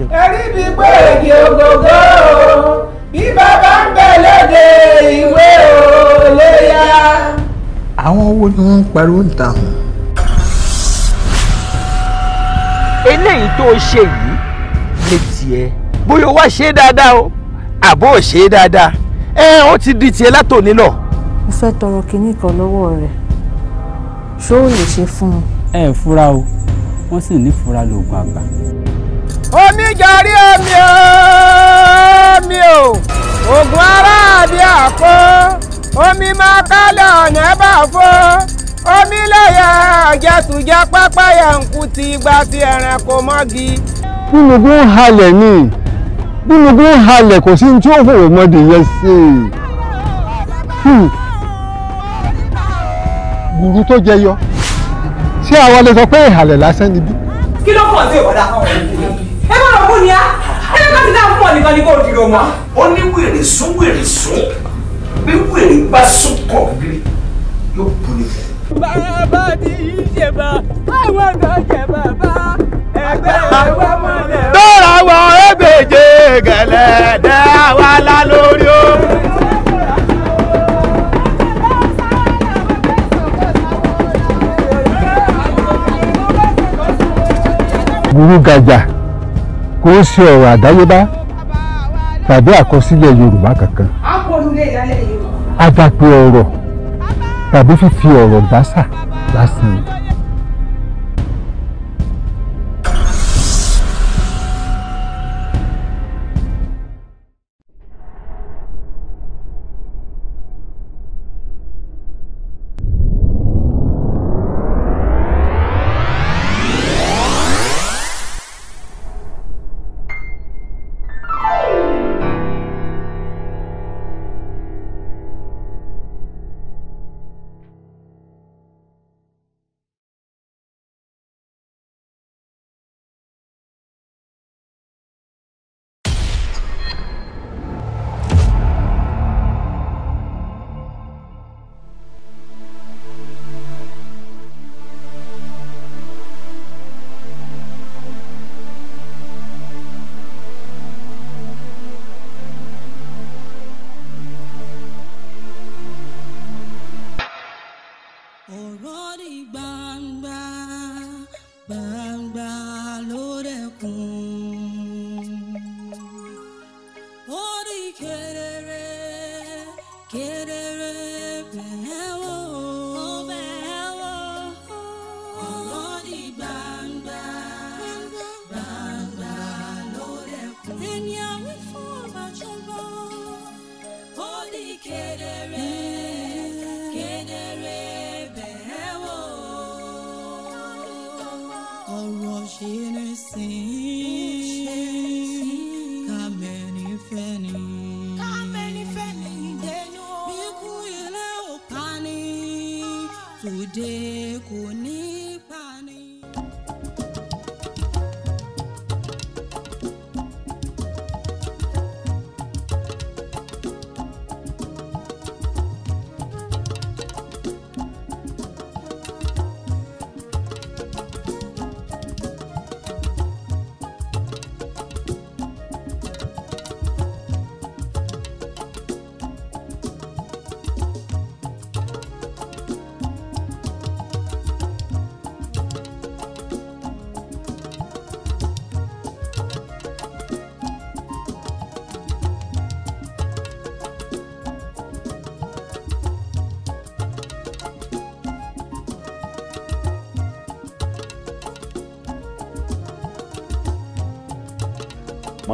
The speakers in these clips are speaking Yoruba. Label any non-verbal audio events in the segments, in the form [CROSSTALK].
ẹ̀rí bíi pé èdè ògógó bí bàbá ń bẹ lóde ìwé olóyà. àwọn owó ni wọ́n ń pariwo ń ta hàn. eléyìí tó o ṣe yìí lè tiẹ̀ bóyá o wá ṣe é dáadáa o àbó ò ṣe é dáadáa ẹ ó ti di tiẹ̀ látòní lọ. mo fẹ́ tọrọ kinní kan lọ́wọ́ rẹ̀ ṣó o lè ṣe fún un. ẹ ẹ fura o wọ́n sì ní fura lóògùn àgbà oníjàrí omi omi o ògùn aráàbí àpò omi máa kálẹ̀ ọ̀nà ẹ̀bà fó omi lẹ́yẹ àjẹtùjẹ pápá yẹnku ti igba ti ẹ̀rẹ̀ kò mọ́gi. búnugún halẹ̀ ni búnugún halẹ̀ kò sí tí ó fòwò mọ́dé yẹn sí i. Hmm. gbùrú tó jẹyọ ṣé àwa lè sọ pé ìhàlẹ̀ lásán níbí. kí ló pọ̀ sí ìwọ́dà kan wọ̀nyí fún ni á ẹni bá ti dá fún ọ nìkan ni kò dìrò mọ́. ó ní wèrè sún wèrè sún bí wèrè bá sún kọ̀ gírí yóò bu ni. bàbá ni yìí ṣe bá àwọn náà ṣe bàbá ẹgbẹ́ ẹ̀wọ́ mọ́lẹ̀. tọ́ra wọ ebèje gẹ̀lẹ́ dẹ́ àwa lá lórí o. burú gàjà kò sí ọ̀rọ̀ àdáyébá tàbí àkọsílẹ̀ yorùbá kankan àdàpè ọ̀rọ̀ tàbí fífi ọ̀rọ̀ dásà lásìí. kùdé kò ní.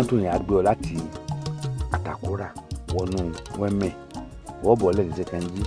mọ́tò yẹn á gbé ọ láti àtàkùrà wọnú wẹ́mẹ̀ wọ́ọ̀bù ọlẹ́dẹ̀ẹ́sẹ̀ kan yìí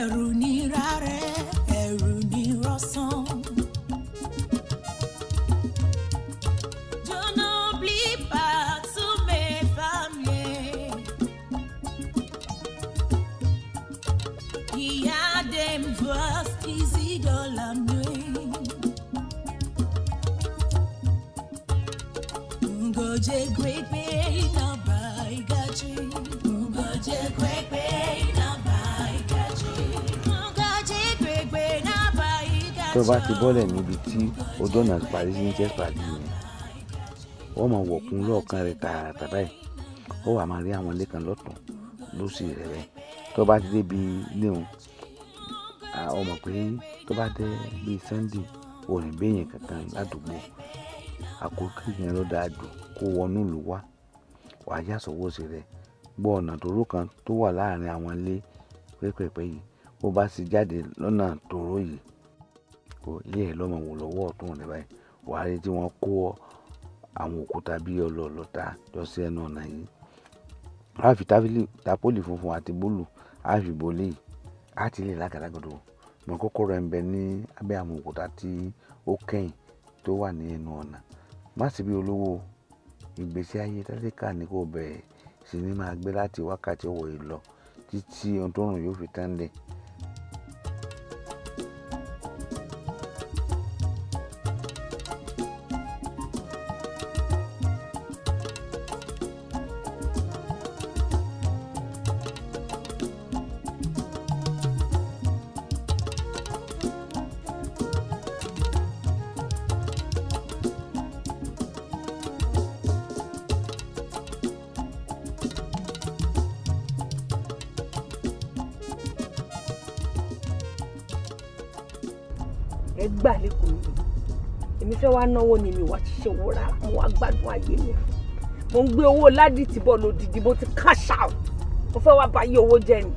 ¡Gracias! ti bọ́lẹ̀ níbi tí ojú ọ̀nà parí sí ní chespadi yẹn wọ́n mọ̀ wọ̀kun lọ́ọ̀kan rẹ̀ tààràtà báyìí ó wà máa rí àwọn ilé kan lọ́tọ̀ lósì rẹ̀ rẹ̀ tó bá ti débi léun ọmọ pé tó bá dé bí sunday òrìn béèyàn kankan ládùúgbò àkókò yẹn ló dáa jù kó wọnú ìlú wá wàá yà sọ́wọ́ sí rẹ̀ gbọ́ ọ̀nà tòró kan tó wà láàrin àwọn ilé pẹ́pẹ́pẹ́ yìí bó bá sì jáde lọ́nà tòró yìí kó ilé ẹ̀ lọ́mọ wò lọ́wọ́ ọ̀tún rẹ̀ báyìí wàá rí tí wọ́n kó àwọn òkúta bíi ọlọ́ọ̀lọ́ta jọ sí ẹnu ọ̀nà yìí a fi tapoli funfun àti bólú a fi bolé yìí a ti lè lágàdàgàdò mọ kọ́kọ́rọ́ ẹ̀ ń bẹ ní abẹ́ àwọn òkúta tí ó kẹ́yìn tó wà ní ẹnu ọ̀nà má sì bí olówó ìgbésí ayé tálíkà ní kò bẹ̀rẹ̀ sí ní máa gbé láti wákàtí ọ̀wọ̀ yìí lọ títí ohun tó rùn yóò fi tán lẹ̀ fẹ́ gbà lẹ́kọ̀ọ́ mi èmi fẹ́ wá náwó ni mi wá ṣiṣẹ́ owó rárá mo wá gbádùn ayé mi mo ń gbé owó ládìtì bọ̀ lódìdí mo ti cash out mo fẹ́ wá bá owó jẹ ni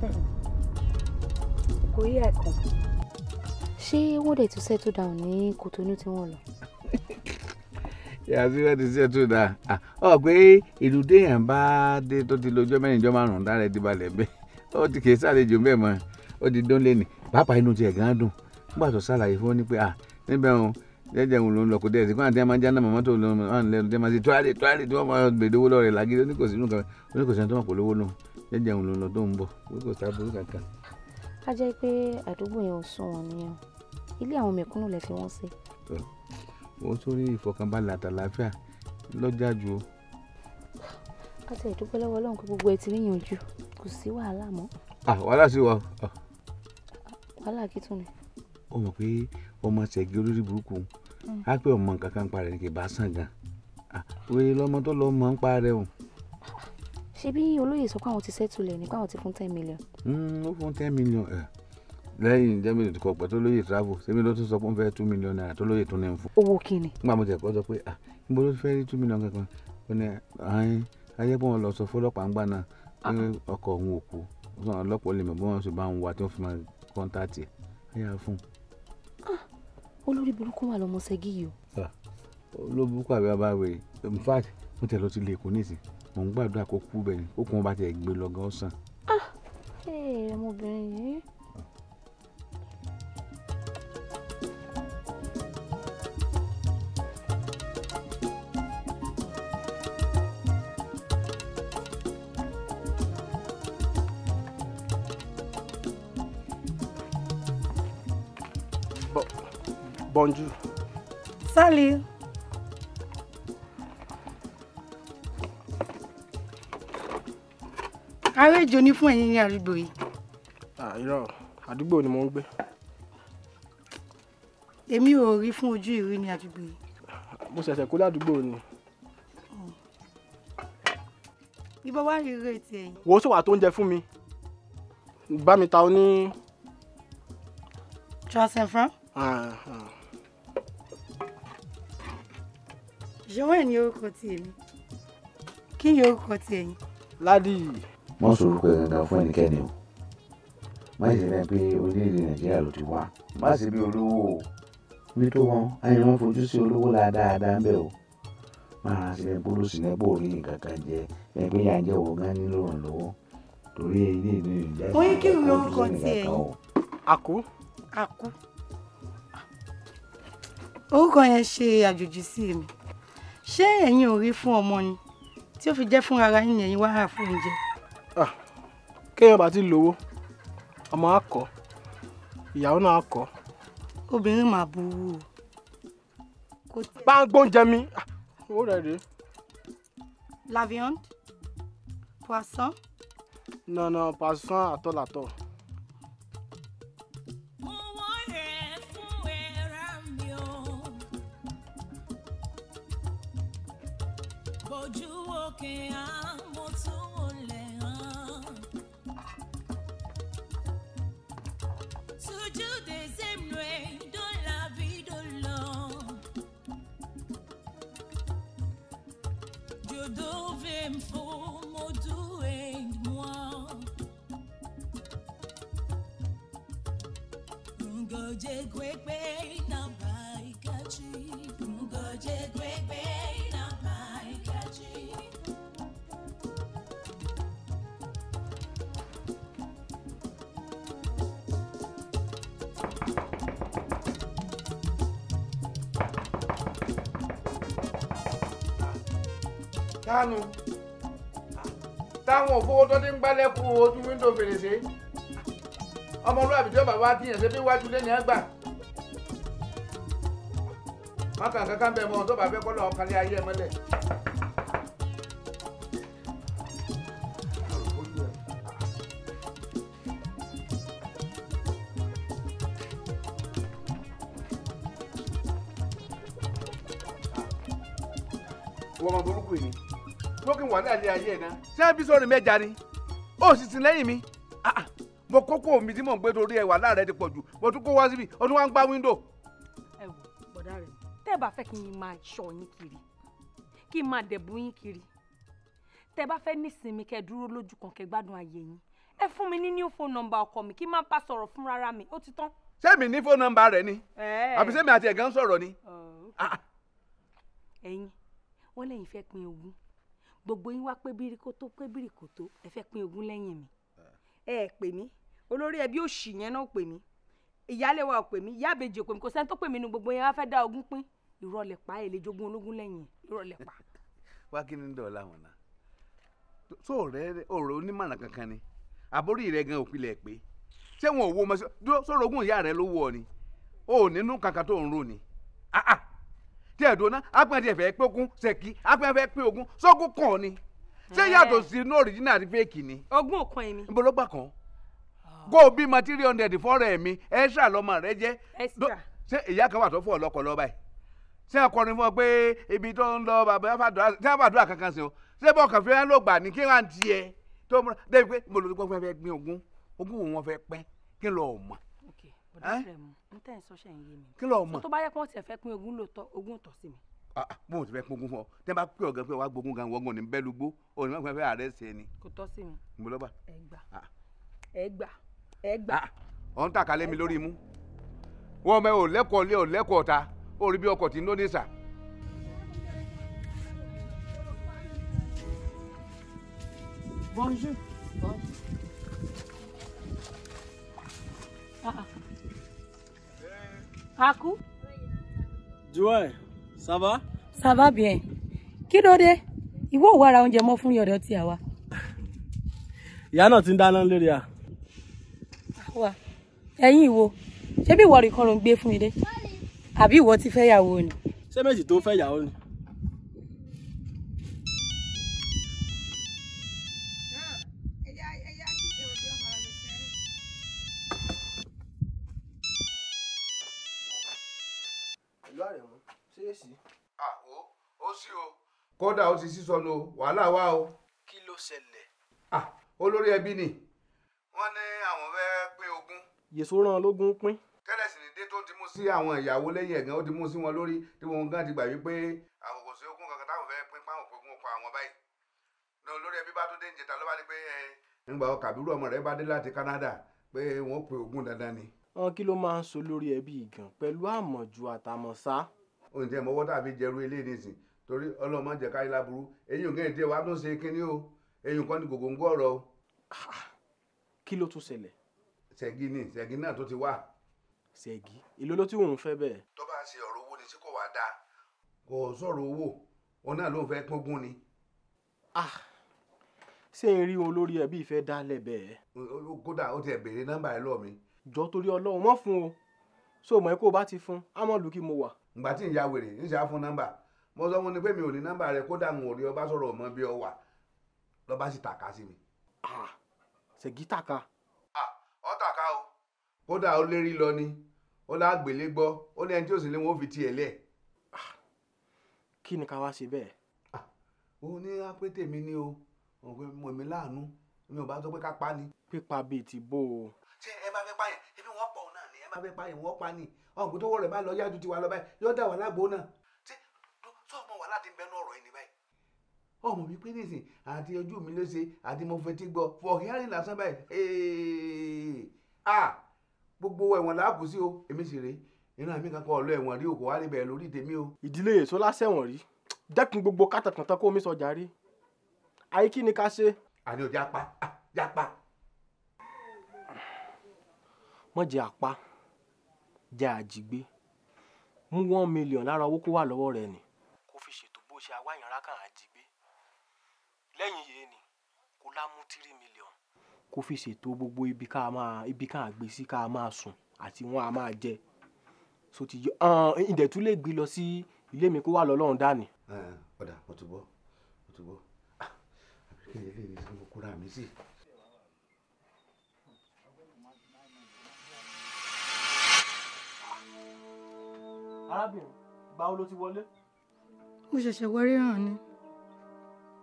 hmm. kò yí ẹ̀kan. ṣé wọ́n dẹ̀ tún settle down ní Kòtónú tí wọ́n lọ. yàtí wọ́n ti settle down ọ ah, oh, pé ìlú déyàn bá dé tó ti lọ́jọ́ mẹ́rin jọ márùn-ún dára ẹ ti balẹ̀ bẹ́ẹ̀ [LAUGHS] ó ti kè é sàlejò bẹ́ẹ̀ mọ́ ó di dán lẹ́nì pàápàá inú tiẹ̀ gan dùn nígbà tó ṣàlàyé fún ọ ní pé à níbẹ̀ òun jẹ́jẹ́ òun ló ń lọ kó dẹ́sí kóńtà máa ń jáná màmá tó lọ máa ń lẹ́nu tẹ́ máa ṣe tuwárì tuwárì tí wọ́n máa gbèdé owó lọ́rẹ̀ lágídé oníkòsí inú kan oníkòsí tó máa pò lówó náà jẹ́jẹ́ òun ló ń lọ tó ń bọ̀ oníkòsí aburú kankan. ká jẹ́ pé àdúgbò yẹn ò sún wọn nìyẹn ilé àwọn mẹ̀kúnnù lè fi wọ́n ṣe. ó tún rí ìfọkànbalẹ̀ àtàlàáfíà lọ́jà ju o ká tẹ ìdúpẹ́ lọ́wọ́ ọlọ́run pé gbogbo ẹ ti níyànjú kò sí wàhálà mọ́. wàhálà sí wa wàhálà kí tún ni. ó mọ̀ pé ọmọ ṣẹ̀gi olórí burúkú á hmm. pé ọmọ nǹkan kan pa rẹ̀ ní kì bá sàn gan wèrè lọ́mọ tó lọ́ọ́ mọ̀ ń pa rẹ̀ o. ṣé bí olóyè sọ pé àwọn ti sẹ́tùlẹ̀ nípa àwọn ti fún ten million. Hmm, ó fún ten million eh. lẹ́yìn jẹ́mílì tó kọ pẹ̀ tó lóye travel sẹ́mi ló tún sọ pé ń fẹ́ two million naira tó lóye tún ní fún. owó kìíní. nígbà mo tẹ̀ kọ́ sọ pé ah níbo ló fẹ́ rí two million kankan ó ní ayé ayé pé wọ́n lọ sọ fọlọ́pàá ń gbà náà ah. ọkọ̀ òun òkú ọlọ́pàá olè mọ̀ bí wọ́n ṣe bá ń wa tí wọ́n fi máa contact ẹ̀ ẹ̀yà fún un. Ah, olórí burúkú wà lọmọ ṣẹ́gi yìí o. Ah, olórí burúkú àbí bàbá rẹ̀ in fact mo tẹ̀ lọ ti lè kó nísìn mò ń gbàdúrà kó kú bẹ́ẹ̀ ni ó kún bá tiẹ̀ gbé lọ gan-an sàn. Ah, ọmọbìnrin yìí pọ́njú. Sally. Àrẹ́jọ ni fún ẹ̀yin ní àrígbò yìí. Àìrọ̀, àdúgbò ni mò ń gbé. Èmi ò rí fún ojú ìrí ní àdúgbò yìí. Mo ṣẹ̀ṣẹ̀ kó ládùúgbò ni. Hmm. Ibọ̀ wá rí rèétí ẹ̀yìn. Wo ṣèwà tó ń jẹ fún mi? Bá mi ta ọ ní. Johnson Frank. Ah, ah. Joel ni orúkọ ti èmi. Kí ni orúkọ ti ẹ̀yin? Ládì. Wọ́n sọ orúkọ dandan fún ẹnikẹ́ni o. Má ṣe bẹ́ẹ̀ pé orílẹ̀-èdè Nàìjíríà ló ti wá. Má ṣe bí olówó o. Bí tó wọn, ayé wọn fojú sí olówó dáadáa ń bẹ̀ o. Máa ra sílẹ̀ bólú sílẹ̀ bóòrí nǹkan kan jẹ ẹgbẹ́ yà jẹ́ wọ́n gán nílò ìrànlọ́wọ́. Torí ilé ìlú ìjà ìjà kò orúkọ ti ẹ̀yin. Àkú. Àkú. Orúkọ yẹn ṣe àjòjì sí mi ṣé ẹ̀yin ò rí fún ọmọ ni tí ó fi jẹ́ fún ara yín ẹ̀yin wá hà fún oúnjẹ. Ah, kéèyàn bá ti lówó ọmọ á ìyàwó náà á obìnrin mà burú o. bá ń gbóúnjẹ mi owó ah, rẹ̀ rèé. la viande poisson. non non poisson àtọ̀ làtọ̀. bójú òkè àmọ́ tún la hánu táwọn òfowó tó ti ń gbálẹ́kù ojú wíńdò fèrèsé ọmọlúwàbí tí ó bàbá tiyàn ṣe bí wájú lé ní ẹgbà má kankan bẹ́ẹ̀ mọ́ tó bàbá fẹ́ kọ́ lọ́ọ́ kárí ayé ẹ mọ́lẹ̀. wàhálà ilé ayé náà. ṣé bí sọ́ọ̀rì mẹ́ja ni ó sì ti lẹ́yìn mi ah, ah, mo kókó mi tí mò ń gbé torí ẹ wàhálà rẹ ti pọ̀ jù mo tún kó wá síbi ó tún wá ń gbá wíńdò. ẹ wò bọ̀dá rẹ tẹ́ ẹ bá fẹ́ kí n máa ṣọ́ yín kiri kí n máa dẹ̀bù yín kiri tẹ́ ẹ bá fẹ́ nísinmi kẹ́ ẹ dúró lójú kan kẹ́ ẹ gbádùn ayé yín ẹ fún mi ní new phone number ọkọ mi kí n má bá sọ̀rọ̀ fún rárá mi ó ti tán. sẹ́mi ní phone number rẹ ni àbí sẹ́mi àti ẹ̀gán sọ̀rọ̀ ni. Oh, ah, ẹ̀yin wọ́n lẹ́yìn fẹ́ pin ogún gbogbo yín wá pé bíríkótó pé bíríkótó ẹ fẹ́ pín ogún lẹ́yìn mi ẹ ẹ pè mí olórí ẹbí òṣì yẹn náà pè mí ìyálé wa ò pè mí ìyá àbèjì ò pè mí kò sẹ́ni tó pè mí nu gbogbo yẹn wá fẹ́ dá ogún pín ìrọ̀lẹ́ pa èlé jogún ológun lẹ́yìn ìrọ̀lẹ́ pa. [LAUGHS] wá kí ni ń dọ̀ọ́ láwọn náà tó ọ̀rẹ́ ọ̀rọ̀ onímọ̀ràn kankan ni àbórí rẹ̀ gan òpilẹ̀ pé ṣé wọn ò wo ọmọ sọ́rọ̀ ogún ìyá rẹ̀ ló wọ̀ ni o ò nínú kankan tó ń rò ni ah, ah tí ẹ̀ dọ́nà agbọ̀n tí ẹ̀ fẹ́ pé ogún ṣèkì agbọ̀n fẹ́ pé ogún sógun kàn ni ṣé yàtọ̀ sí inú òrìjínà àti fẹ́ẹ̀kì ni. ogún òkan ẹ̀mí. n bolo gbà kan oh. kó o bímọ tí three hundred fọ́ọ̀rọ̀ ẹ̀mí extra lọ́mọ rẹ jẹ́ ṣé ìyá kan wà tó fún ọlọ́kọ lọ́ọ́ báyìí ṣé ọkùnrin fún ọ pé ibi tó ń lọ bàbá fàdúrà kankan sí o ṣé bọ́ kàn fẹ́ ló gbà ní kí wọ́n á tiẹ̀ tó mú débi pé mo lò ó gbọ́ fẹ́ gbin ogún ogún òun wọn fẹ́ pẹ́ kí n lọ ọ̀ mọ́ ọ̀dọ́ rẹ̀ mu n tẹ́ ẹ̀ sọ ṣe ń yé mi. kí ló mọ̀ tó bá yẹ kó tiẹ̀ fẹ́ pín ogún lóòótọ́ ogún tọ̀ sí mi. mo ah, ah, ò ti fẹ́ pogún fún ọ tẹ́ bá pè ọ̀gá pé wàá gbógun gan wọ́gbọ̀n ní bẹ́ẹ̀ lùgbó òní máa fẹ́ ààrẹ ṣe ni. kò tọ́ sí mi. mo lọ́ba. Ah. ẹ gbà ẹ gbà ẹ gbà. ọ̀ bonjour. bonjour. Ah, ah. Aku. Joy, ça va? Ça va bien. Kí ló dé? Ìwọ ò wá ra oúnjẹ mọ́ fún yọ̀dọ̀ tí a wá. Ìyá náà ti ń dáná lórí a. Àwa, ẹ̀yin ìwo, ṣé bí ìwọ rìkan ló ń gbé fún ilé? Àbí ìwọ ti fẹ́ yàwó ni? Ṣé méjì tó fẹ́ yàwó ni? kódà ó ti sísọnù wàhálà wà o. kí ló ṣẹlẹ̀. ah olórí ẹbí ni. wọ́n ní àwọn fẹ́ẹ́ pín ogún. yèso ràn lógún pín. tẹ́lẹ̀ sì ni dé tó ti mú sí àwọn ìyàwó lẹ́yìn ẹ̀gán ó ti mú sí wọn lórí tí wọn gan ti gbà wípé àkókò sí ogún kankan táwọn fẹ́ẹ́ pín páwọn ogún pa àwọn báyìí. ní olórí ẹbí bá tó dé ìjẹta ló bá dé pé ẹ. nígbà kàbírú ọmọ rẹ bá dé láti Canada pé wọn pe ogún dandan ni. wọn kí ló máa ń so lórí ẹbí gan pẹ̀lú àmọ̀jù àtàmọ̀sá. oúnjẹ mọ́wọ́ tàbí jẹrú ilé nísìn torí ọlọ́mọ jẹ́ káyé láburú ẹ̀yin ògẹ́ ìdí ẹ̀ wá tó ń ṣe kínní o ẹ̀yin kan ní gògóńgó ọ̀rọ̀ o. Ah, kí ló tún ṣẹlẹ̀. ṣẹ́gi ni ṣẹ́gi náà tó ti wá. ṣẹ́gi ìlú ló ti wò ń fẹ́ bẹ́ẹ̀. tó bá ṣe ọ̀rọ̀ owó ni tí kò wá dáa kò sọ̀rọ̀ owó òun náà ló ń fẹ́ pógún ni. Ah, ṣé n rí olórí ẹbí ìfẹ́ dálẹ̀ bẹ́ẹ̀. kódà ó ti ẹ̀ béèrè nọ́mbà ẹ lọ́ọ̀ mi. jọ torí ọlọ́run mọ́ fún o so mọ̀ ẹ́ kó o bá ti fún ámọ́ lù kí mo wà. ìgbà tí ìyá wèrè ń ṣe á fún nọ́mbà mo sọ fún ni pé mi ò ní nọ́mbà rẹ kódà n ò rí ọba sọ̀rọ̀ ọmọ bí ọ wà lọ́ba sì tàka sí mi. ṣègí tàka. ọ tàka o kódà ó lérí lọ ni ó lágbèlé gbọ́ ó ní ẹni tí ò sì lé wọn ó fi tiẹ̀ lẹ̀. kí ni ká wá ṣe bẹ́ẹ̀. ó ní apẹ́tẹ̀ mi ni o òwe mọ̀ mí láàánú mi ò bá sọ pé ká pa ni. pípa bíi ti bó o. ṣé ẹ bá fẹ́ pààyàn ebi wọ́n pọ̀ náà ni ẹ bá fẹ́ pààyàn wọ́n pa ni ọ̀gbìn tó wọ̀ rẹ̀ bá lọ yájú tiwa lọ báyìí yóò dà wà lágbo náà ọmọ mi pé nísìn àti ojú mi ló ṣe àti mo fetí gbọ́ fọ̀híárì lásán báyìí ah, gbogbo ẹ̀wọ̀n láàbù sí o èmi sì rèé inú àmì kankan ọ̀lọ́ ẹ̀wọ̀n rí òkò wá rí bẹ̀rẹ̀ lórí tèmi o. ìdílé èso lásẹ̀wọ̀n rí dẹ́kun gbogbo kátàkàntàn kó omi sọjà rí ayé kí ni ká ṣe. àní ò jápa ah, jápa. wọ́n jẹ́ apá jẹ́ àjígbé mú one million lára owó kó wà lọ́wọ́ rẹ̀ ni kó fi ṣètò bó ṣe awáyanra kan àjí lẹ́yìn yìí ni kó lámú tírí mílíọ̀n. kó fi ṣètò gbogbo ibi ká máa ibi ká gbé sí ká máa sùn àti wọn a máa jẹ so ti yọ ìdẹ̀tú lè gbé lọ sí ilé mi kó wà lọ́lọ́run dání. ọ̀dà mo ti bọ́ mo ti bọ́ àbí kí ni eléyìí mo kóra mi sí. arábìnrin báwo ló ti wọlé. mo ṣẹ̀ṣẹ̀ wọrí hàn ni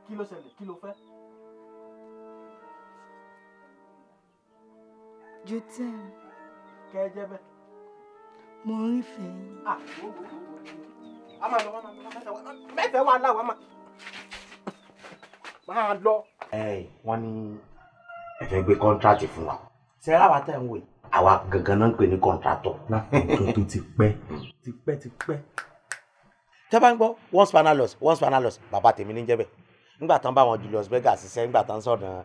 kí ló ṣẹlẹ̀ kí ló fẹ́. jotem. kẹ ẹ jẹ bẹ. mo ń fẹ́ yín. a máa lọ wọn máa mẹfẹ wà láwọn máa máa lọ. ẹ wọ́n ní ẹ fẹ́ gbé kọ́ńtrátì fún wa ṣe ráwa tẹ̀ ń wò yìí àwa gangan náà ń pè ní kọ́ńtrátọ̀. látọ̀tọ̀ tó hmm. ti pẹ́ ti pẹ́ ti pẹ́. tẹ́ bá ń gbọ́ one spanner one spanner bàbá tèmi ní jẹ́ bẹ́ẹ̀ nígbà tán bá wọn Julius Berger ṣiṣẹ́ nígbà tán sọ̀dọ̀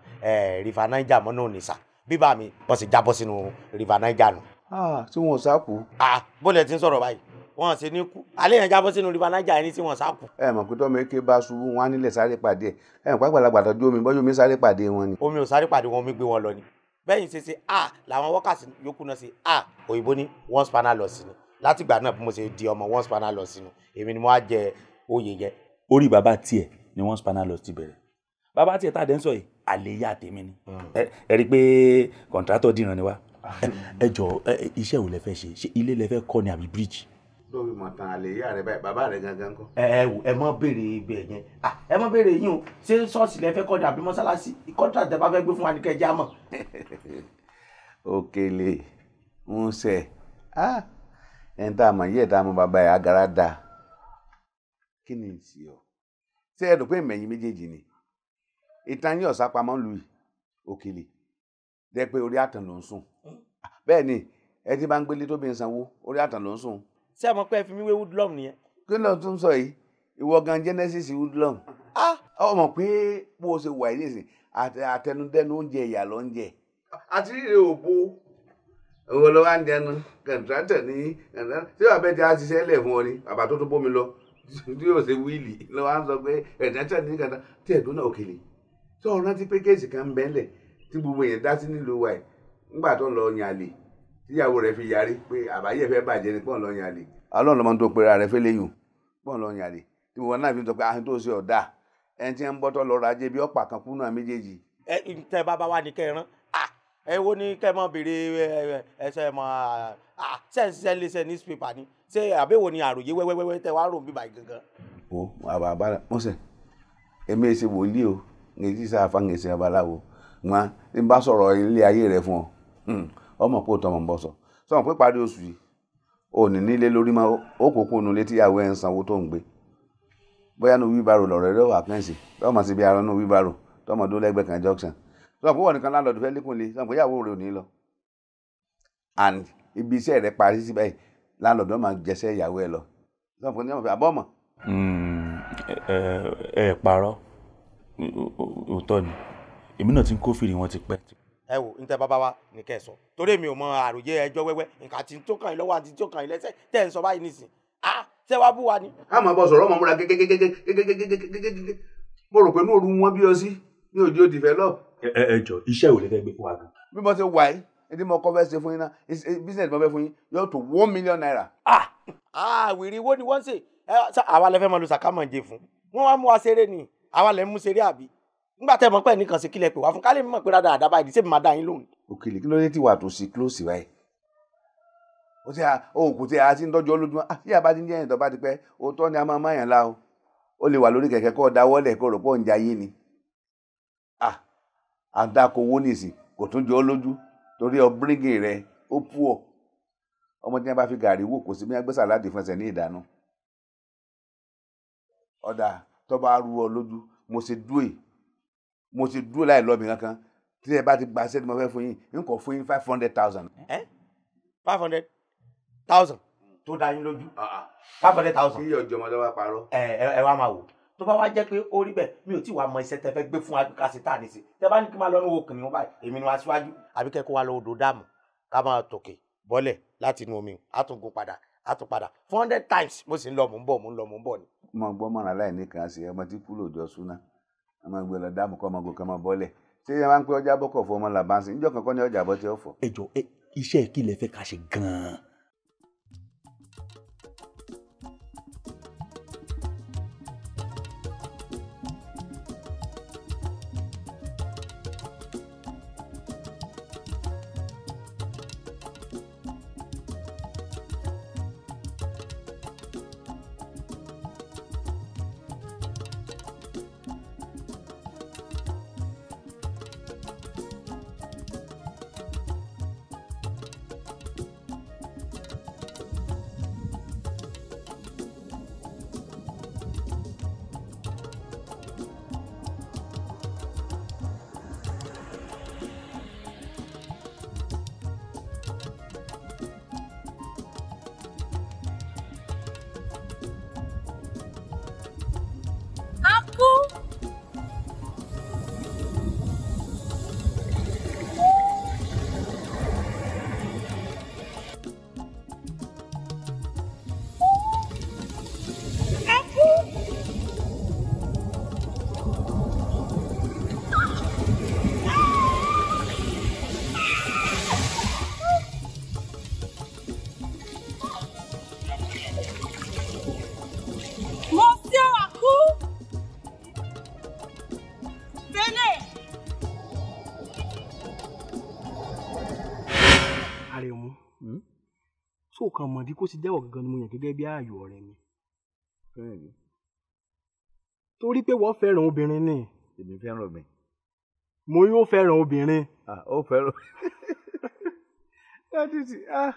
river Niger mọ́nà ònìṣà bíbá mi bọ́ sì jábọ́ sínú river Niger nù. Ah, tí wọn ò sá kú. Ah, bólẹ̀ ti ń sọ̀rọ̀ báyìí wọn ṣe ní kú alẹ́ yẹn jábọ́ sínú river Niger ẹni tí wọ́n sá kú. ẹ mọ̀ pé tọ́mọ eke bá ṣubú wọn á nílẹ̀ sáré pàdé ẹ ẹ pàgbàlagbà tọ́jú omi bọ́jú omi sáré pàdé wọn ni. omi ò sáré pàdé wọn omi gbé wọn lọ ni bẹ́ẹ̀ ṣe ṣe a ah, làwọn wọ́kàsí yòókù náà ṣe a òyìnbó ní one spanner lọ sí ni látìgbà náà bí mo ṣe di ọmọ one spanner lọ sí ni èmi ni mo á jẹ oyè yẹn. orí bàbá tiẹ̀ ni wọ́n spinal loss ti bẹ̀rẹ̀ bàbá tiẹ̀ tá a dẹ́ ń sọ yìí àlèyá tèmi ni hmm. ẹ rí i pé kọ̀ǹtrátọ̀ dìran ni wá ẹ jọ iṣẹ́ wo lẹ fẹ́ ṣe ilé lẹ fẹ́ kọ́ ni àbí bridge. lórí mọ̀tàn àlèyá rẹ báyìí bàbá rẹ gangan kọ́. ẹ ẹ wò ẹ mọ béèrè ibẹ yẹn ẹ mọ béèrè yín o ṣé ṣọ́ọ̀ṣì lẹ fẹ́ kọ́ ni àbí mọ́ṣáláṣí kọ́ńtà tẹ bá fẹ́ gbé fún wa ní kẹjá mọ̀. [LAUGHS] òkèlè ń sẹ ẹni tá a mọ̀ yí tá a mọ̀ bàbá ẹ̀ agara da kí ni ìsì ọ̀ ṣé ẹ rò pé ìmẹ̀yìn méjèèjì ni ìtàn yín ọ̀sá pamọ́ lu òkèlè jẹ́ pé orí àtàn ló ń sùn bẹ́ẹ̀ ni ẹ ti bá ń gbélé tó bí ń sanwó orí àtàn ló ń sùn. ṣé ẹ mọ̀ pé ẹ fi mí wé woodlum nìyẹn. kí ló tún sọ yìí ìwọ gan genesis woodlum ọmọ ah! pé bó o ṣe wà yìí nìsín àtẹnudẹnu oúnjẹ ìyà ló ń jẹ. àti rírẹ òbó òwò ló wá ń jẹnu kẹ̀ǹtàtẹ̀ ní kẹ̀ǹtàtẹ̀ tí bàbá ẹ ti á ṣiṣẹ́ lẹ̀ fún ọ ni bàbá tó tún bómi lọ bí o ṣe wíìlì lọ wá ń sọ pé ẹ̀dá tí a ní kàtà tí ẹ̀dùn náà òkèlè tó o rántí pé kéèsì kan ń bẹ́ńlẹ̀ tí gbogbo èèyàn dá sí nílùú wa ẹ̀ ńgbà tó ń lọ yàn àlè tíyàwó rẹ̀ fi yarí pé àbáyé fẹ́ bàjẹ́ ni pọ́n lọ yàn àlè. alọ́ lọ́mọ tó pera rẹ̀ fẹ́lẹ́ yùn pọ́n lọ yàn àlè tí wọn náà fi sọ pé ahun tó ṣe ọ̀dà ẹni tí ń bọ́ tọ́ lọ rajé bí ọ̀pá kan kúnú àmì méjèèjì. ẹ tẹ bàbá wa ní kẹrin ẹ wo ni kẹ mọ béèrè ẹsẹ mọ sẹńsẹ lẹsẹ newspaper ni ṣé àbẹ̀wò ni àròyé wẹ́wẹ́wẹ́ tẹ wá rò bíbá gangan. o àbá àbára mọ́sẹ̀ èmi èsì wòlíì o èyí sísá afáǹgẹ̀sì abaláwo wọn ní bá sọ̀rọ̀ ilé ayé rẹ fún ọ ọmọ pé òtọ́ mọ̀ ń bọ̀ sọ sọ̀rọ̀ pé parí oṣù yìí o ní nílé lórí máa ó kó kó nu létí ìyàwó ẹ̀ ń sanwó tó ń gbé bóyá nu wíbarò lọ̀rọ̀ rẹ wà kẹ́ǹsì tọ́mọ̀ síbi ara nu ní lọ láńlọ́dọ̀ máa jẹsẹ́ ìyàwó ẹ lọ sọ́n fún ní ọmọ fẹ́ abọ́ mọ̀. ẹ ẹ parọ́ òótọ́ ni èmi náà ti ń kófìrí wọn ti pẹ́. ẹ wo n tẹ bàbá wa ní kẹ́ sọ torí èmi ò mọ àròyé ẹjọ́ wẹ́wẹ́ nǹkan àti tó kàn yín lọ́wọ́ àti tó kàn yín lẹ́sẹ̀ tẹ́ ẹ ń sọ báyìí nísìn ah ṣé wàá bú wa ni. a máa bọ sọ̀rọ̀ ọmọ múra gégégégégégégégégégégé mo rò pé inú òru wọn bí ọ sí ní òjò develop. ẹ ẹ jọ iṣẹ́ ò lè fẹ́ gbé fún wa gan. bí mo ti wà yìí ẹni mo kọ́ fẹ́ ṣe fún yín náà business mo fẹ́ fún yín yóò tó one million naira. àwìrì ah! ah, wo ni wọ́n ṣe àwa lẹ fẹ́ máa lu sàkámọ̀ jẹ fún wọ́n wá mú wa ṣeré ni àwa lẹ mú ṣeré àbí nígbà tẹ́ mọ̀ pẹ́ nìkan sí kílẹ̀ pé wá fún kálí mọ̀ pé rádà àdábà ìdí sèmi máa dá yín lóhùn. òkèlè kí ló dé tí wàá tó sí close báyìí ó ti à òkú tí a ti ń tọ́jú olójúmọ́ àti ah, àbá ti ń jẹ́yìn tó bá ti pẹ́ òótọ́ ni a máa máa yàn lá o ó lè wà lórí kẹ̀kẹ́ kó dáwọ́lẹ̀ kó rò pọ̀ ń jayé ni à àdàkọ owó nìsín kò tún jọ ọ́ lójú torí ọbíríngì rẹ ó púọ̀ ọmọ tí wọn bá fi gàrí wò kò sí bí wọn gbé sàláàdì fún ẹsẹ̀ ní ìdáná ọ̀dà tó bá rú ọ lójú mo ṣe dúè mo ṣe dúè láì lọ́ọ̀bì kankan tí ẹ bá ti gba sẹ́ni mo fẹ́ fún yín n kò fún yín five hundred thousand. ẹ five hundred thousand. tó dá yín lójú. five hundred thousand. iye ọjọ́ ọmọdé wa parọ́. ẹ ẹ wá máa wò tó bá wá jẹ́ pé ó rí bẹ́ẹ̀ mi ò tí wàá mọ iṣẹ́ tẹ́ fẹ́ gbé fún agbèká tá a nìsí tẹ́ bá ní kí n máa lọ nínú òkè nínú báyìí èmi ni wàá síwájú àbí kẹ́kọ̀ọ́ wa lọ odò dáàmú ká máa tòkè bọ́lẹ̀ láti inú omi àtúngún padà àtún padà four hundred times mo sì ń lọ mò ń bọ̀ mò ń lọ mò ń bọ̀ ni. mo gbọ́ mọ̀ràn láì kan sí ọmọ tí kúlò jọ súná ọmọ gbé lọ kọ́ ọmọ kan mọ́ bọ́lẹ̀ ṣé ẹ máa ń pẹ́ ọjà bọ́kọ̀ fún ọmọ làbánsìn ìjọ kankan ní ọjà bọ́ tí ó fọ. ẹ kí lẹ fẹ́ ká ṣe gan mọ̀dí kó sì jẹ́wọ́ gangan ni mo yàn gẹ́gẹ́ bí ààyò ọ̀rẹ́ mi. torí pé wọ́n fẹ́ràn obìnrin ni. èmi fẹ́ràn mi. mo yóò fẹ́ràn obìnrin. ó fẹ́ràn dátìtì ah,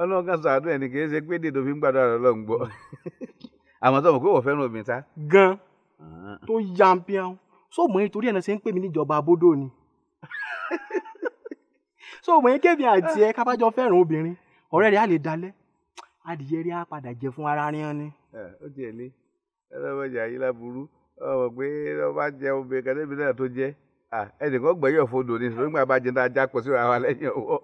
ọlọ́run kan sàánú ẹ̀ ní kì í ṣe pé dèdò fi ń gbàdúrà lọ́lọ́run gbọ́ àmọ́ tó pé wọ́n fẹ́ràn obìnrin ta. gan ah. tó yampian sóòmù yìí torí ẹ̀ náà ṣe ń pè mí níjọba abódò ni sóòmù yìí kébì àti ẹ kábàjọ fẹ́ràn obìnrin ọ̀rẹ́ rẹ̀ á lè dalẹ̀ adìyẹ rí apàdà jẹ fún ara rìn ni. ó tiẹ̀ lé ọlọ́mọdé ayé láburú ọmọ pé wọ́n bá jẹ obìnrin kan níbi náà tó jẹ́ ẹnìkan gbẹ̀yìn ọ̀fọ̀dọ̀ ni ìṣòro nígbà bá jẹ náà já pọ̀ síra wa lẹ́yìn ọwọ́.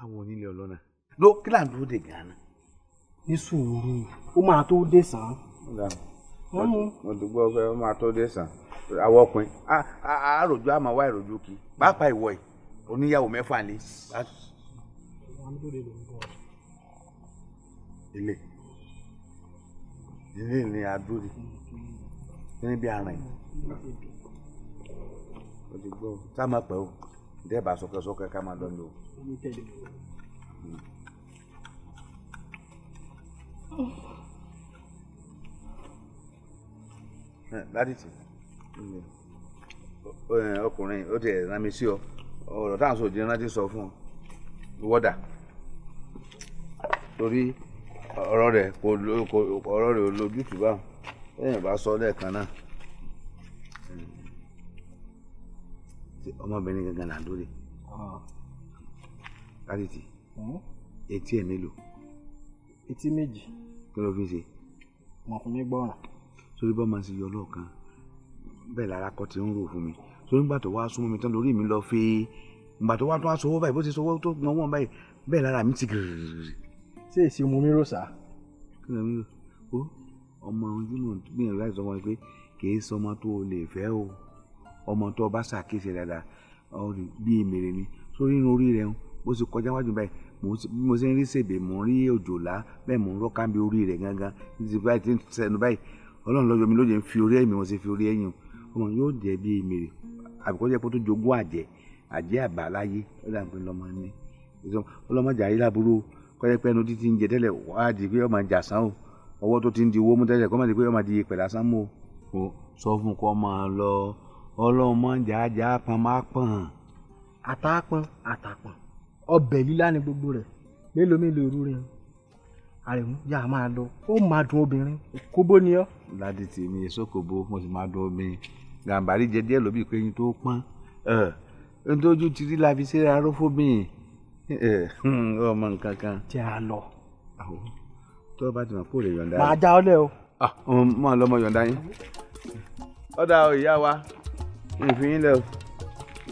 àwọn onílé ọlọ́nà ló kí là ń dúró dè gan-an. ní sùúrù ó máa tó dé sàn án. mo dùgbọ́ pé ó máa tó dé sàn án àwọn ọkùnrin àròjù àmọ́ wá ìròjù kì pàápàá ìwọ yìí oníyàwó mẹ́fà lé. ilé ilé ni adúlé níbi àrùn yìí o ti gbọ́ tá a máa pẹ́ o dẹ́ẹ̀bà sọkẹ́sọkẹ́ ká máa dọ́ndọ́ o. ládìtì ọkùnrin ó ti ẹ̀ rán mi sí ọ. ọ̀rọ̀ tá à ń sọ sọ fún ọ torí ọrọ rẹ kò ọ̀rọ̀ rẹ̀ ò lójútùú báwọn lẹ́yìn bá sọ náà ọmọbìnrin gangan là ń dóde kárìtì hmm? etí ẹ̀ mélòó. etí méjì. kí ló fi ṣe. wọn torí ńgbà tó wá súnmọ́ mi tán lórí mi lọ fi ńgbà tó wá tó wá sọ owó báyìí bó ti sọ owó tó gbọ́n wọ́n báyìí bẹ́ẹ̀ lára mi ti gìrìrì. ṣé èsì mu mi rò sá. ọmọ ojú náà gbìyànjú láti sọ wọn pé kì í sọ ọmọ tó o lè fẹ́ o ọmọ tó o bá ṣàkíyèsí dáadáa ọ̀rìn bí èmèrè ni sórí inú orí rẹ̀ bó ti kọjá wájú báyìí mo ṣe ń rí ṣèbè mò ń rí òjòlá bẹ́ẹ̀ mò ń rọ́ká bí orí rẹ̀ gangan ti báyìí ti sẹnu báyìí ọlọ́run lọ́jọ́ mi lóye ń fi orí ẹ̀mí wọn ṣe fi orí ẹ̀yìn o ọmọ yóò jẹ́ bí èmèrè àbíkọ́jẹ́ pé ó tún jogún àjẹ́ àjẹ́ àgbà láyé ó dà pé lọ́mọ ní ọlọ́mọdé àyè láburú kọ́jẹ́ pé ẹnu títí ń jẹ tẹ́lẹ̀ wá di pé ọmọ ìjà sán o ọwọ́ tó ti ń di owó mú tẹ́lẹ̀ kọ́mọdé pé ọmọ di pẹ̀lá sán mú o sọ fún kọ́ máa lọ ọlọ́mọdé àjà pọn máa pọn. àtàpọn àtàpọn ọbẹ̀ lílá ni gbogbo rẹ̀ mélòó mélòó irú rẹ̀ àrẹ̀mú yà á máa lọ ó máa dùn obìnrin kóbó ni ọ́. ládìtì mi èso mo sì máa dùn obìnrin Gambari jẹ díẹ̀ lóbi pé yín tó pọ́n ntójú ti rí la fi ṣe aró fóbìnrin hmm, ọmọ nǹkan kan. jẹ́ a lọ. tó o bá ti mọ̀ kó o lè yọ̀ǹda yín. màá já ọ lẹ o. mọ lọmọ yọ̀ǹda yín. ọ̀dà ìyá wa ìfìyín lẹ o.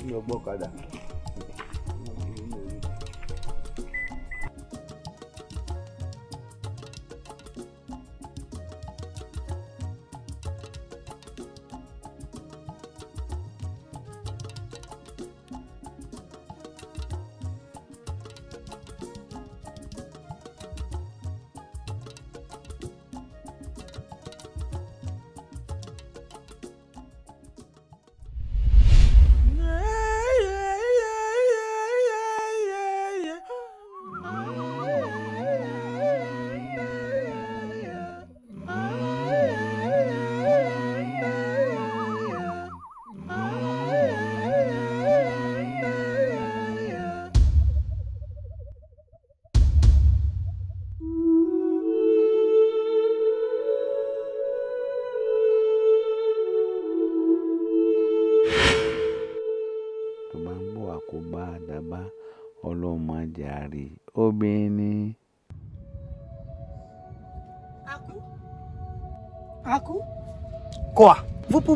ń lọ gbọ́ kadà.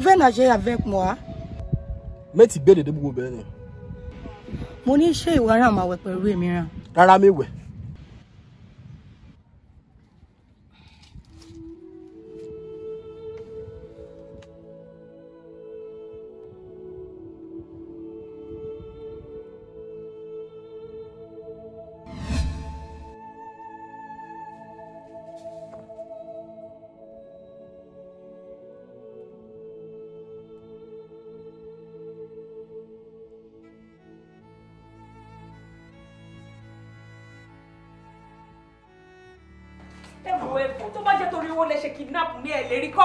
veux nager avec moi? Mẹ́tì béèrè dé gbogbo bẹ́ẹ̀ ni. Mo ní ṣé ìwọ ara màá wẹ̀ pẹ̀lú èmi ràn. Rárá mi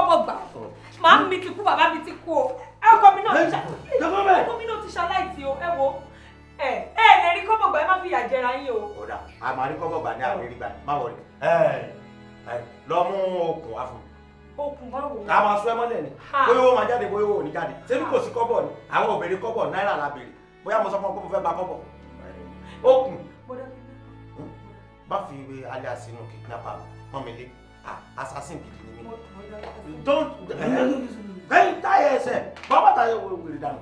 kọ́kọ́ gbà màá mi ti kú bàbá mi ti kú o ẹ̀kọ́ mi náà ti ṣaláìsí o ẹ wo ẹ ẹ lè rí kọ́kọ́ gbà ẹ má fi ìyà jẹra yín o. ọ̀dà a máa rí kọ́kọ́ gbà ní àwọn eré gbà má wọlé lọ mú okùn wá fún mi. okùn bá wò. a máa sọ ẹ mọ́lẹ̀ ni bóyá owó máa jáde bóyá owó ò ní jáde ṣé bí kò sí kọ́bọ̀ ni àwọn òbèrè kọ́bọ̀ náírà la bèrè bóyá mo sọ fún ọ pé mo fẹ́ gba kọ́bọ̀ okùn má fi alẹ́ àsínú kidnapper mọ́ mi lé ah, assassin gidi don't ẹyin táyà ẹsẹ̀ bọ́ bàtà wèrè dànù.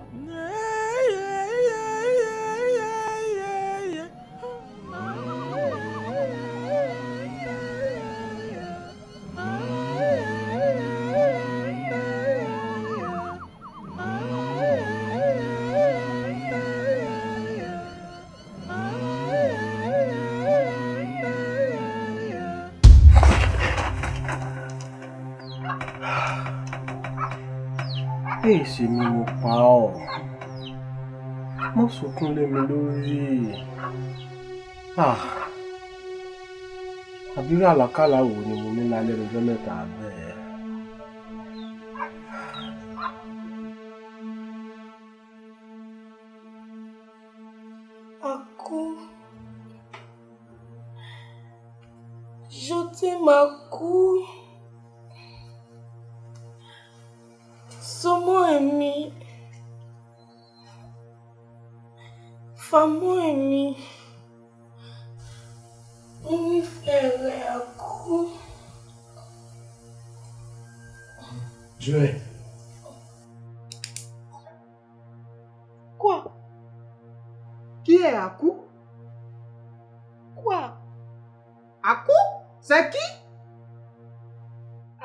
sunkún lé mi lórí ah. àbírò àlàkàlà wo ni mo ní lálẹ́ ọjọ́ mẹ́ta bẹ́ẹ̀.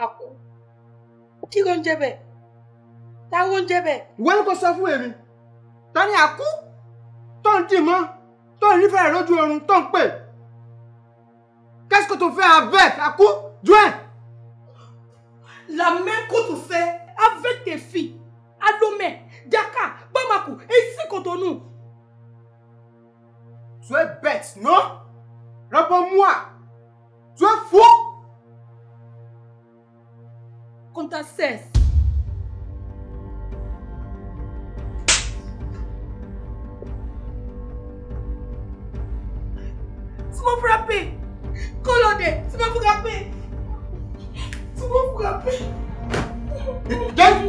àkú kí ló ń jẹ bẹ́ẹ̀ táwọn ń jẹ bẹ́ẹ̀. ìwọ ni kò sọ fún èmi ta ni àkú tó ń dì mọ́ tó ń nífẹ̀ẹ́ lójú oorun tó ń pè qu'est-ce que tu fais avec àkú join. la main que tu fais avec tes filles Lomé Dakar Bamako ici Cotonou. tu es bête non réponds-moi tu es fou contra sexe. tí mo fura pé kó lọ dé tí mo fura pé tí mo fura pé.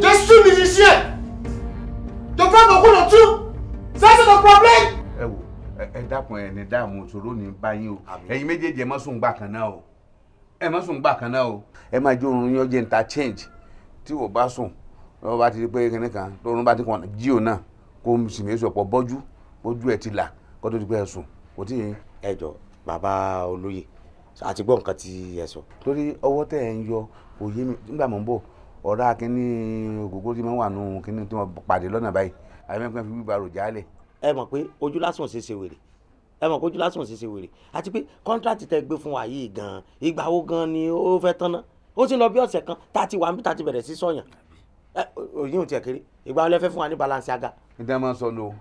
Just two minutes here. The problem kò lọ tú. That's the problem. Ẹ wo ẹ dákun ẹ ní dààmú òṣòro ní báyìí o. Ẹ̀yin méjèèjì ẹ mọ́ o ẹ má sùn gbà kan náà o. ẹ máa jó oorun yín ọjọ́ níta change tí o bá sùn lọ́wọ́ bá ti di pé kíní kan lọ́run bá ti kàn jí o náà kó sì mí sọ̀pọ̀ bọ́jú bójú ẹ̀ ti là kó tó di pé ẹ sùn kò tí ì. ẹ jọ bàbá olóye àti gbọ́ nǹkan tí ẹ sọ. torí ọwọ́ tẹ̀ ẹ̀ ń yọ òye mi nígbà mọ̀ ń bọ̀ ọ̀rá kínní ògógó tí mo wà nù kínní tí mo pàdé lọ́nà báyìí àyẹ̀mẹ́kùn fi wíwá rò jálẹ̀. ẹ mọ̀ pé ojú lásán ṣe ṣe wèrè ẹ mọ̀ kójú lásán ṣe ṣe wèrè àti pé kọ́ńtrátì tẹ́ gbé fún wa yìí gan-an ìgbà gan-an ni ó fẹ́ tán náà ó ti lọ bí ọ̀sẹ̀ kan tá a ti wà níbi tá a ti bẹ̀rẹ̀ sí sọ̀yàn òyìn ò tiẹ̀ kéré ìgbà wo fẹ́ fún wa ní balance aga. ìdá máa sọ lọ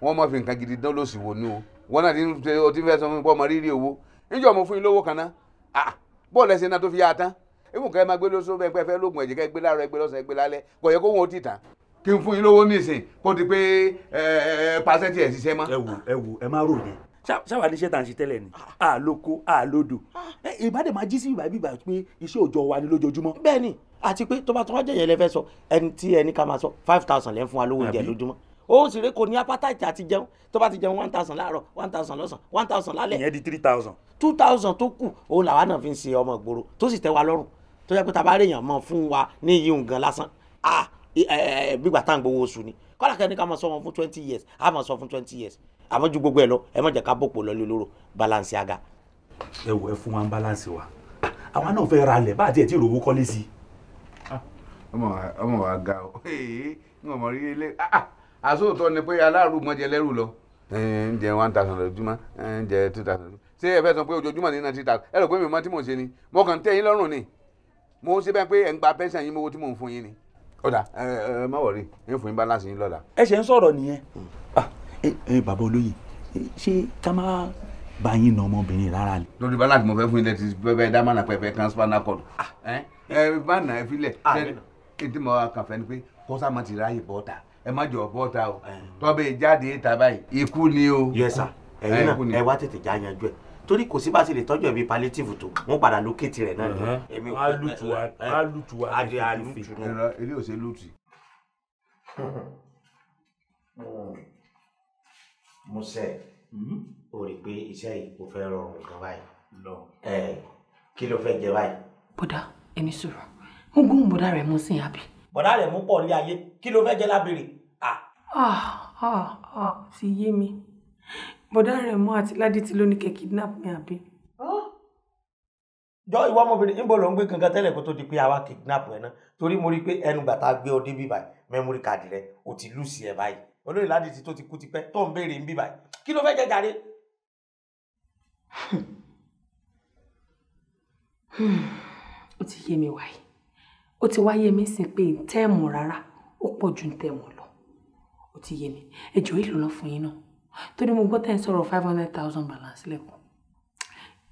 wọn máa fi nǹkan gidi dán ló sì wò ní o wọn náà ti fẹ́ sọ fún mi pé ọmọ rírì owó níjọ́ mo fún yín lówó kan náà bọ́ọ̀lù ẹ̀sìn náà tó fi yá a tán ìmú kẹ́ ẹ máa gbé lóṣù bẹ́ẹ̀ pẹ́ fẹ́ lóògùn ẹ̀jẹ̀ kẹ́ gbé láàárọ̀ ẹgbẹ́ lọ́sàn ẹgbẹ́ lálẹ́ kò yẹ kó kí n fún yín lówó nísìn kó di pé ẹ ẹ pàṣẹ tiẹ̀ ṣiṣẹ́ mọ́. ẹ wò ẹ wò ẹ má rò yẹn ṣáwa níṣẹ́ tá à ń ṣe tẹ́lẹ̀ ni àlòkó ah. àlòdò ah. ìbádẹ́ máa jí sí ìbá bíbá pé iṣẹ́ òòjọ́ wa ni lójoojúmọ́. bẹ́ẹ̀ni àti pé tó bá tún wá jẹyẹ lẹfẹ sọ ẹni tí ẹni ká máa sọ five thousand lẹ ń fún wa lówó oúnjẹ lójúmọ́ òun sì rẹ kò ní apátáìtì àti jẹun tó bá ti jẹun one thousand láàárọ̀ one thousand lọ́sàn one thousand lálẹ́. ìyẹn di three thousand. two thousand tó kù òun làwa náà fi ń ṣe ọmọ ìgboro tó sì tẹ́ wa lọ́rùn tó yẹ pé tá a bá rí èèyàn mọ́ fún wa ní yíyún gan lásán ah gbígbà tá à oṣù ni kọ́lá kẹ́ni ká máa sọ wọn fún twenty years á máa sọ fún twenty years àmọ́ ju gbogbo ẹ̀ lọ ẹ má jẹ́ ká bòpò lọ lólóró balance aga. ẹ wọ ẹ fún wa balance wa àwa náà fẹ́ ra lẹ̀ bá àti ẹ̀ tí ìròwó kọ́lé sí. Ah, ọmọ wa ga o n ò mọ rí ilé ah, ah, àsóòtọ́ ni pé alárùmọ̀jẹ lẹ́rù lọ ń jẹ one thousand lójúmọ́ ń jẹ two thousand lójúmọ́ ṣé ẹ fẹ́ sọ pé ojoojúmọ́ ní ninety thousand ẹ rò pé mi mọ tí mò ṣe ni mo kàn ń tẹ́ yín lọ́rùn ni mo ṣe bẹ́ẹ̀ pé ẹ̀ ń gba pension yín mowó tí mò ń fún yín ni ọ̀dà ẹ ẹ má wọ̀rí ẹ fún yín balance yín lọ́la. ẹ ṣe ń sọ̀rọ̀ nìyẹn. Ah, ẹ bàbá olóyè ṣé ká má bá yín na ọmọbìnrin rárá ni. lórí balance mo fẹ́ fún ilé ti pẹpẹ dámànà pẹpẹ kan spinal cord ah. ẹ ẹ bá nà ẹ filẹ̀ ètò ìmọ̀ kàfẹ́ ni pé kọ́sà má ti ráyè bọ́ta ẹ má jọ bọ́ta o eh. tọ́bẹ̀ jáde ìta báyìí ikú ni o. yẹ sà eh, ẹ̀yin náà ẹ wá tètè já yanjú ẹ̀ torí kò sí bá ti lè tọ́jú ẹ̀bí palliative tó wọ́n padà lókètì rẹ̀ náà ni. èmi lùtù wá wá lùtù wá adé alùtù náà. ẹ̀rọ ilé ò ṣe lùtù. [LAUGHS] mo sẹ o hmm? rí i pé iṣẹ́ yìí kò fẹ́ rọrùn gan báyìí kí ló fẹ́ jẹ báyìí. bọ́dà ẹni sọ̀rọ̀ mo gún bọ́dà rẹ̀ mú sí àbí. bọ́dà rẹ̀ mú pọ̀ ní ayé kí ló fẹ́ jẹ́ lábẹ́rẹ́. Ah, ah, ah, ti yé mi bọ̀dá rẹ̀ mọ́ àti ládìtì ló ní kẹ́ kidnap mi àbí. jọ ìwọ ọmọbìnrin níbo ló ń gbé kankan tẹ́lẹ̀ kó tó di pé àwa kidnap rẹ náà torí mo rí i pé ẹnu gbà tá a gbé ọ dé bíbáyì mẹ́mórì káàdì ò ti lù sí ẹ báyìí olóyè ládìtì tó ti kú tipẹ́ tó ń béèrè ń bíbáyì kí ló fẹ́ jẹ jàre. [SIGHS] ó ti yé mi wáyé ó ti wáyé mi sìn pé ntẹ́ẹ̀mù rárá ó pọ̀ ju ntẹ́ẹ̀mù lọ ó ti yé mi ẹjọ́ ìlú lọ fún yín torí mo gbọ́ tẹ́ ń sọ̀rọ̀ five hundred thousand balance lẹ́kọ̀ọ́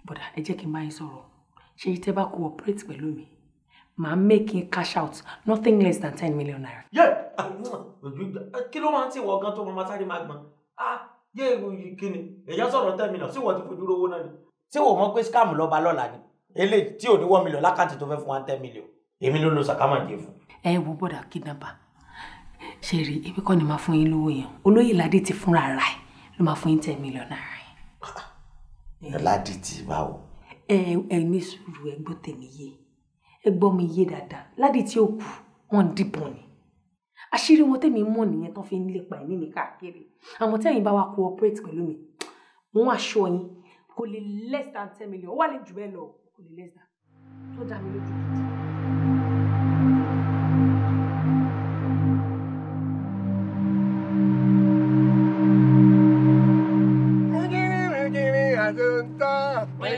bọ̀dà ẹ jẹ́ kí n bá yín sọ̀rọ̀ ṣé tẹ́ bá cooperate pẹ̀lú mi màá making cash out nothing less than ten million naira. yẹ kí ló máa ń tìwọ gan tó máa sáré máa gbọn ah yé kíni èèyàn sọ̀rọ̀ ten million sí wọ́n ti fojú rówó náà ni. ṣé o mọ̀ pé scam lọ́ba lọ́la ni eléyìí tí ò ní wọ́n mílíọ̀n lákàtì tó fẹ́ fún wa ten million èmi ló lo sàkámàjẹ fún. ẹ wo bọ́dà kidnapper ṣe rí ibi kọ́ ni máa fún yín lówó yẹn olóyè ládé ti fúnra ara ẹ̀ ló máa fún yín ten million naira yẹn. Ah, ládìtì báwo. ẹ ẹ ní sùúrù ẹ gbọ́ tèmi yé ẹ gbọ́ mi yé dáadáa ládìtì ò kù wọ́n ń dìbọn ni àṣírí wọn tẹ̀mí mọ̀ nìyẹn tán fi ń lépa ẹ̀mí mi káàkiri àmọ́ tẹ̀yìn bá wa cooperate pẹ̀lú mi wọ́n aṣọ yín kò lè less than ten million ó wà lè jù bẹ́ẹ̀ lọ kò lè less than tó dá mi lójú gidi.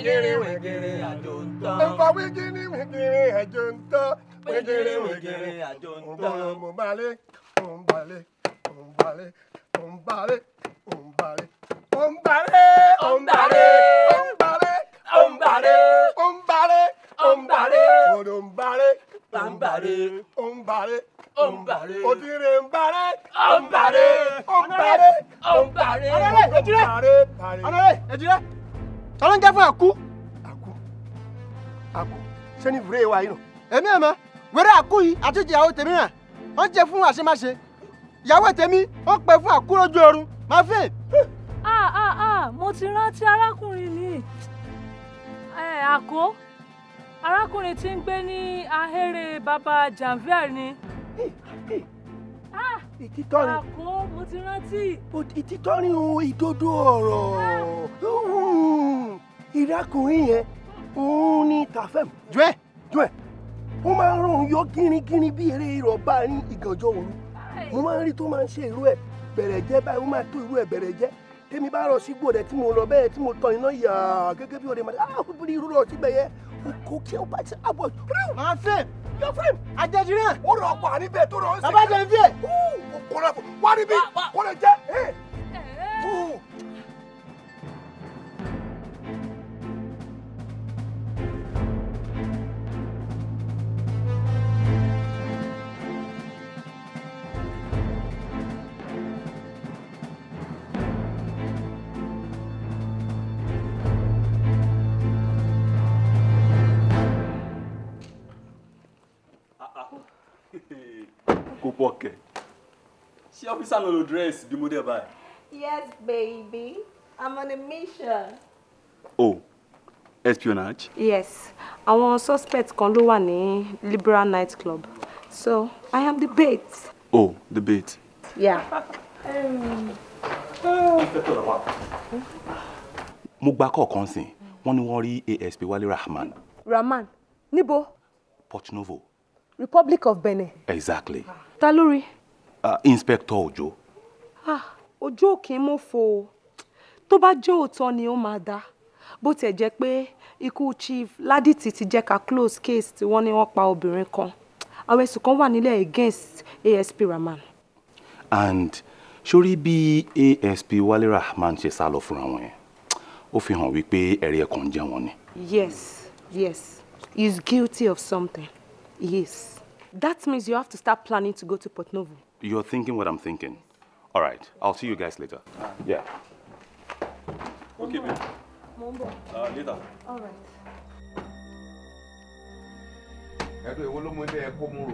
wẹ̀gẹ̀rẹ̀ wẹ̀gẹ̀rẹ̀ àjò ń tán. ẹ̀fà wẹ̀gẹ̀rẹ̀ wẹ̀gẹ̀rẹ̀ àjò ń tán. wẹ̀gẹ̀rẹ̀ wẹ̀gẹ̀rẹ̀ àjò ń tán. mo balẹ̀ mo balẹ̀ mo balẹ̀ mo balẹ̀ mo balẹ̀ mo balẹ̀ mo balẹ̀ mo balẹ̀ mo balẹ̀ mo balẹ̀ mo balẹ̀ mo balẹ̀ bambare ombare ombare odire mbare ombare ombare ombare ombare ombare ejire ejire tọ́lọ́ ń jẹ́ fún àkú àkú àkú ṣé ní ìbúrẹ́ wa yìí nù. èmi ẹ̀ mọ wẹ́rẹ́ àkú yìí àti ìyàwó tèmi hàn ó ń jẹ fún àṣemáṣe ìyàwó tèmi ó pẹ fún àkú lójú oorun máa fẹ́. a a a mo ti rántí arákùnrin mi àkó arákùnrin tí ń gbé ní ahéré baba janvier ni. Ah, ìtítọ́ ni àkó mo ti rántí. ìtítọ́ ni ìdodo ọ̀rọ̀. Ah ìrákùnrin yẹn òun ni tafem jọ́ẹ̀ jọ́ẹ̀ ó máa ń rọrùn yọ gírígírí bí eré ìrọ̀bá ní ìgànjọ́ òru mo máa ń rí tó máa ń ṣe irú ẹ̀ bẹ̀rẹ̀ jẹ́ báyìí ó máa tó irú ẹ̀ bẹ̀rẹ̀ jẹ́ tèmi bá rọ sí gbòdẹ tí mo lọ bẹ́ẹ̀ tí mo tọ iná yà gẹ́gẹ́ bí òde màdà ah kúkú ní irú rọ síbẹ̀ yẹ kò kí ẹ bá ti àbọ̀ ah, màá fẹ́ yọ fẹ́ àjẹjì náà. ó rọ ọkọ àníbẹ̀ tó rọ ọ́ sí. bàbá jẹ fíẹ̀. kò rẹ wá níbí kò lè jẹ. pocket. Ṣé ọ́fíìsà náà lo dress bí mo dé Yes, baby. I'm on a mission. Oh, espionage? Yes. Àwọn suspect kan ló one in Liberal Nightclub, So, I am the bait. Oh, the bait. Yeah. um, oh. Mo gba kọ̀ọ̀kan sìn, wọ́n ASP Wálé Rahman. Rahman, níbo? Port Novo. Republic of Benin. Exactly. Talori. Uh, ah, Inspector Ojo. Ah, Ojo kì í mú fo o. Tó bá jẹ́ òótọ́ ni ó máa dáa. Bó tiẹ̀ jẹ́ pé ikú Chief Ládìtì ti jẹ́ ká close case tí wọ́n ní wọ́n pa obìnrin kan. Àwọn ẹ̀sùn kan wà nílẹ̀ against ASP Rahman. And sórí bí ASP Wale Rahman ṣe sá lọ fúnra wọn yẹn, ó fi hàn wípé ẹ̀rí ẹ̀kan jẹ́ wọn ni. Yes, yes, he is guilty of something. Yes. That means you have to start planning to go to Port Novo. You're thinking what I'm thinking. All right, I'll see you guys later. Yeah. Okay, babe. Mombo. Uh, later. All right. Okay, èwo ló mú ilé ẹ̀kọ́ mú ro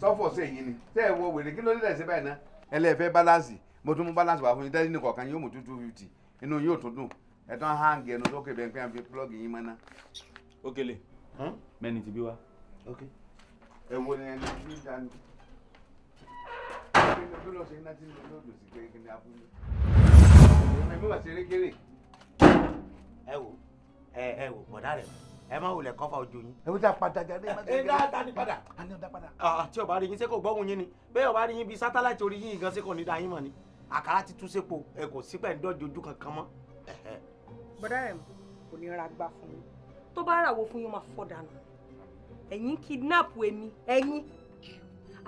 sọ́fọ̀ sí èyí ni tẹ́ ẹ̀ wọ wèrè kí ló dé lẹ́sẹ̀ báyìí ná ẹlẹ́fẹ́ báláǹsì mo tún mú báláǹsì wá fún yín tẹ́lẹ̀ nìkan kan yóò mú two two fifty inú yóò tún dùn ẹ̀tọ́ hàn gẹ̀ẹ́nu sókè bẹ́ẹ̀ pé à ń fi plug yín mọ́ ná. Okele mẹ́ni ti bí wa ẹ̀wọ̀n ni ẹni ní ìdáni kí ni tó lọ ṣe iná tí mo lòdò sí pé kí ni abúlé ẹ̀mí wà ṣeré kéré. ẹ wo ẹ ẹ wo bọ̀dá rẹ̀ ẹ má wulẹ̀ kọ́fà ojú yín. ẹ wúta padà jáde ẹ má jẹ́ kí ẹ dá ní padà. a ní ọ̀dà padà. àti ọba rí yín ṣé kò gbóhùn yín ni bẹ́ẹ̀ ọba rí yín bíi sátáláìtì orí yín gan ṣé kò ní da yín mọ̀ ni àkàrà ti tún sépo ẹ kò sí pẹ̀ ń dọ́jú ojú e mọ́. bọ̀dá rẹ̀ kò ní ra gbà fún mi tó bá ràwọ̀ fún yín máa fọ́ dànù ẹ̀yin kidnap èmi ẹ̀yin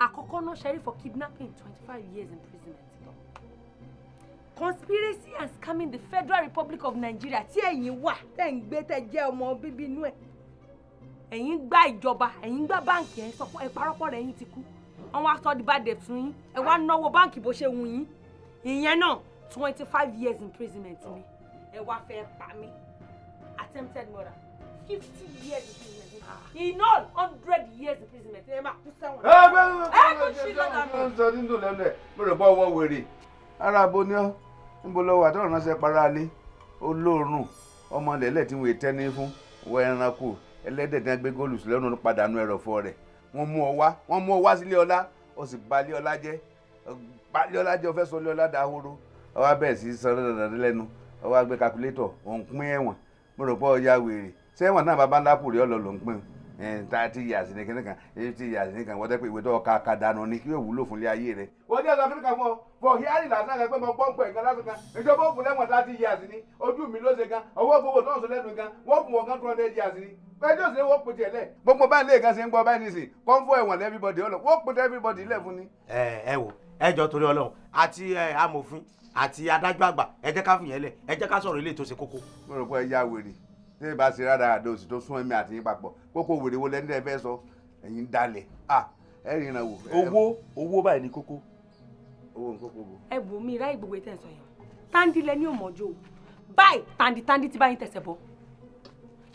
àkọ́kọ́ náà ṣẹ́rí for kidnapping twenty five years imprisonment conspiracy and scamming the federal republic of nigeria tí ẹ̀yin wà tẹ̀ ń gbé tẹ̀ jẹ́ ọmọ bíbí inú ẹ̀ ẹ̀yin gbá ìjọba ẹ̀yin gbá báǹkì ẹ̀ sọ pé ẹ̀ parọ́pọ̀ rẹ̀ ẹ̀yin ti kú àwọn aṣọ àdìbàdẹ̀ fún yín ẹ̀ wá náwó báǹkì bó ṣe wù yín ìyẹn náà twenty five years imprisonment mi ẹ̀ wá fẹ́ pa mí attempted murder fifty years imprisonment he know hundred years imprisonment ẹ máa kú sẹ́wọ̀n. ẹ gbẹ́ ẹ kú sí lọ́dà mi. ń sọ nínú lẹ́lẹ̀ mo rò bọ́ ọwọ́ wèrè ara abo ni ọ́ níbo lọ wà tọ́rọ̀ ránṣẹ́ para lé olóòórùn ọmọ lẹ́lẹ̀ tí wọ́n tẹ́ ní fún wọ ẹranko ẹlẹ́dẹ̀ gbé góòlù sílẹ̀ ọ̀nà padà nu rẹ̀ wọ́n mú ọ wá wọ́n mú ọ wá sílé ọlá ó sì bà ọlá jẹ́ bà ọlá jẹ́ ó fẹ́ ọlá dahoro ó wá sí sọ dandan lẹ́nu calculator òun ẹ̀wọ̀n mo rò pé ó wèrè sẹ́wọ̀n náà bàbá ńlá pùrẹ́ ọ̀lọ́ ló ń pín thirty years ní kíní kan eighty years ní kan wọ́tẹ́ pé ìwé tó ọkà kadànù ni kí yóò wúlò fúnlé ayé rẹ̀. ó ní ọ̀sán kíníkà fún ọ fọ híárì lásán kan pé mo pọ́ǹpù ẹ̀gán lásán kan ìjọba òkú lẹ́wọ̀n thirty years ni ojú mi ló ṣe gan ọwọ́ gbogbo tó ń sọ lẹ́nu gan wọ́n kún wọn gan two hundred years ni ẹjọ́ sì ni wọ́n pètè lẹ̀. gbogbo báyìí lè gan ṣe ń gbọ́ báyìí nìsín kọ́ńfọ ẹ̀wọ̀n everybody ọlọ wọ́n pètè everybody lẹ̀ fún ni. ẹ ẹ wo ẹjọ́ torí Ọlọ́run àti amòfin àti adájọ́ àgbà ẹ jẹ́ ká fìyẹn lẹ̀ ẹ jẹ́ ká sọ̀rọ̀ ilé ìtòsí kókó. mo rò pé ẹ yá wèrè tí ẹ bá ṣe rárá àdó òsì tó sún ẹ̀mí àti yín papọ̀ kókó wèrè lẹ́ni tẹ́ fẹ́ sọ ẹ̀yin dalẹ̀ ah ẹ rìnrìn àwò. owó owó báyìí ni kókó. owó ni kókó bo. ẹ bù mí ráì gbogbo ìtẹ̀sán yẹn tandi lẹ ní òmòjò báyìí tandi tandi ti báyìí tẹ̀sẹ̀ bọ̀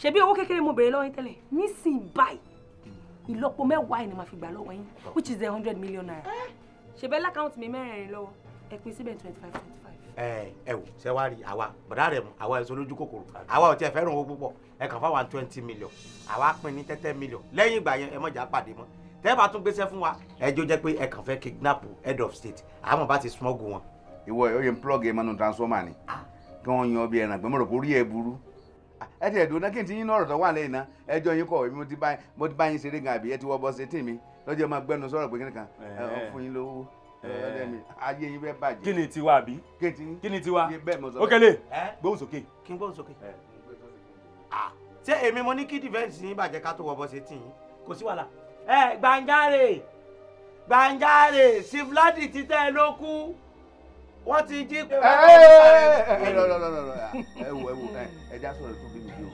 ṣebí owó kékeré mo béèrè lọ́wọ́ yín tẹ́lẹ̀ nísìnyí báyìí ìlọ́po mẹ́wàá ni màá fi gbà lọ́wọ́ yín which is a hundred million naira ṣebí lákàntì mi mẹ́rin rẹ̀ lọ́wọ́ ẹ pín síbẹ̀ twenty five twenty five. eewu ẹ awa ṣe wá rí àwa bọ̀dá rẹ̀ mu àwa ẹ̀sọ́ lójú kòkòrò àwa ò owó púpọ̀ twenty million àwa pín ní tẹ́tẹ́ million lẹ́yìn ìgbà yẹn pàdé mọ́ fún wa ẹjọ́ jẹ́ pé ẹ fẹ́ head of state àmọ́ bá ti smuggle wọn. ìwọ ẹ ó yẹ plug ẹ mọnu transformer ni ah. kí wọn yan ọbẹ ẹran gbẹmọrọ kó rí ẹ burú ah, ẹ ẹdùn náà kí n ti yín náà ọ̀rọ̀ wà náà yín kọ mo ti ayé yín bẹ́ẹ̀ bàjẹ́. kí ni tiwa àbí kí ni tiwa Okele gbóhùn sókè. kí n gbóhùn sókè. Ah, ṣé èmi mo ní kí dìfẹ́ǹsì yín bàjẹ́ ká tó wọ bọ́sẹ̀ tì yín kò sí wàhálà. ẹ Gbanjare Gbanjare sifladi ti tẹ́ ló kú wọ́n ti jí. ẹ ẹ wo ah, ẹ wo ẹ já sọ̀rọ̀ tó bí mi bí o.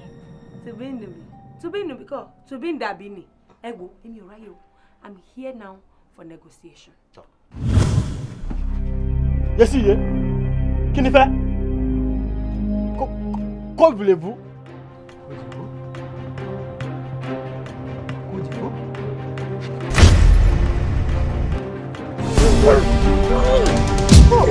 tó bí nù mí tó bí nù mí kọ́ tó bí nù dàbí ni ẹ wo èmi ò ráyè o I'm here now for negotiation. Sure. Yessuyé, hein. fait quoi voulez-vous Oh!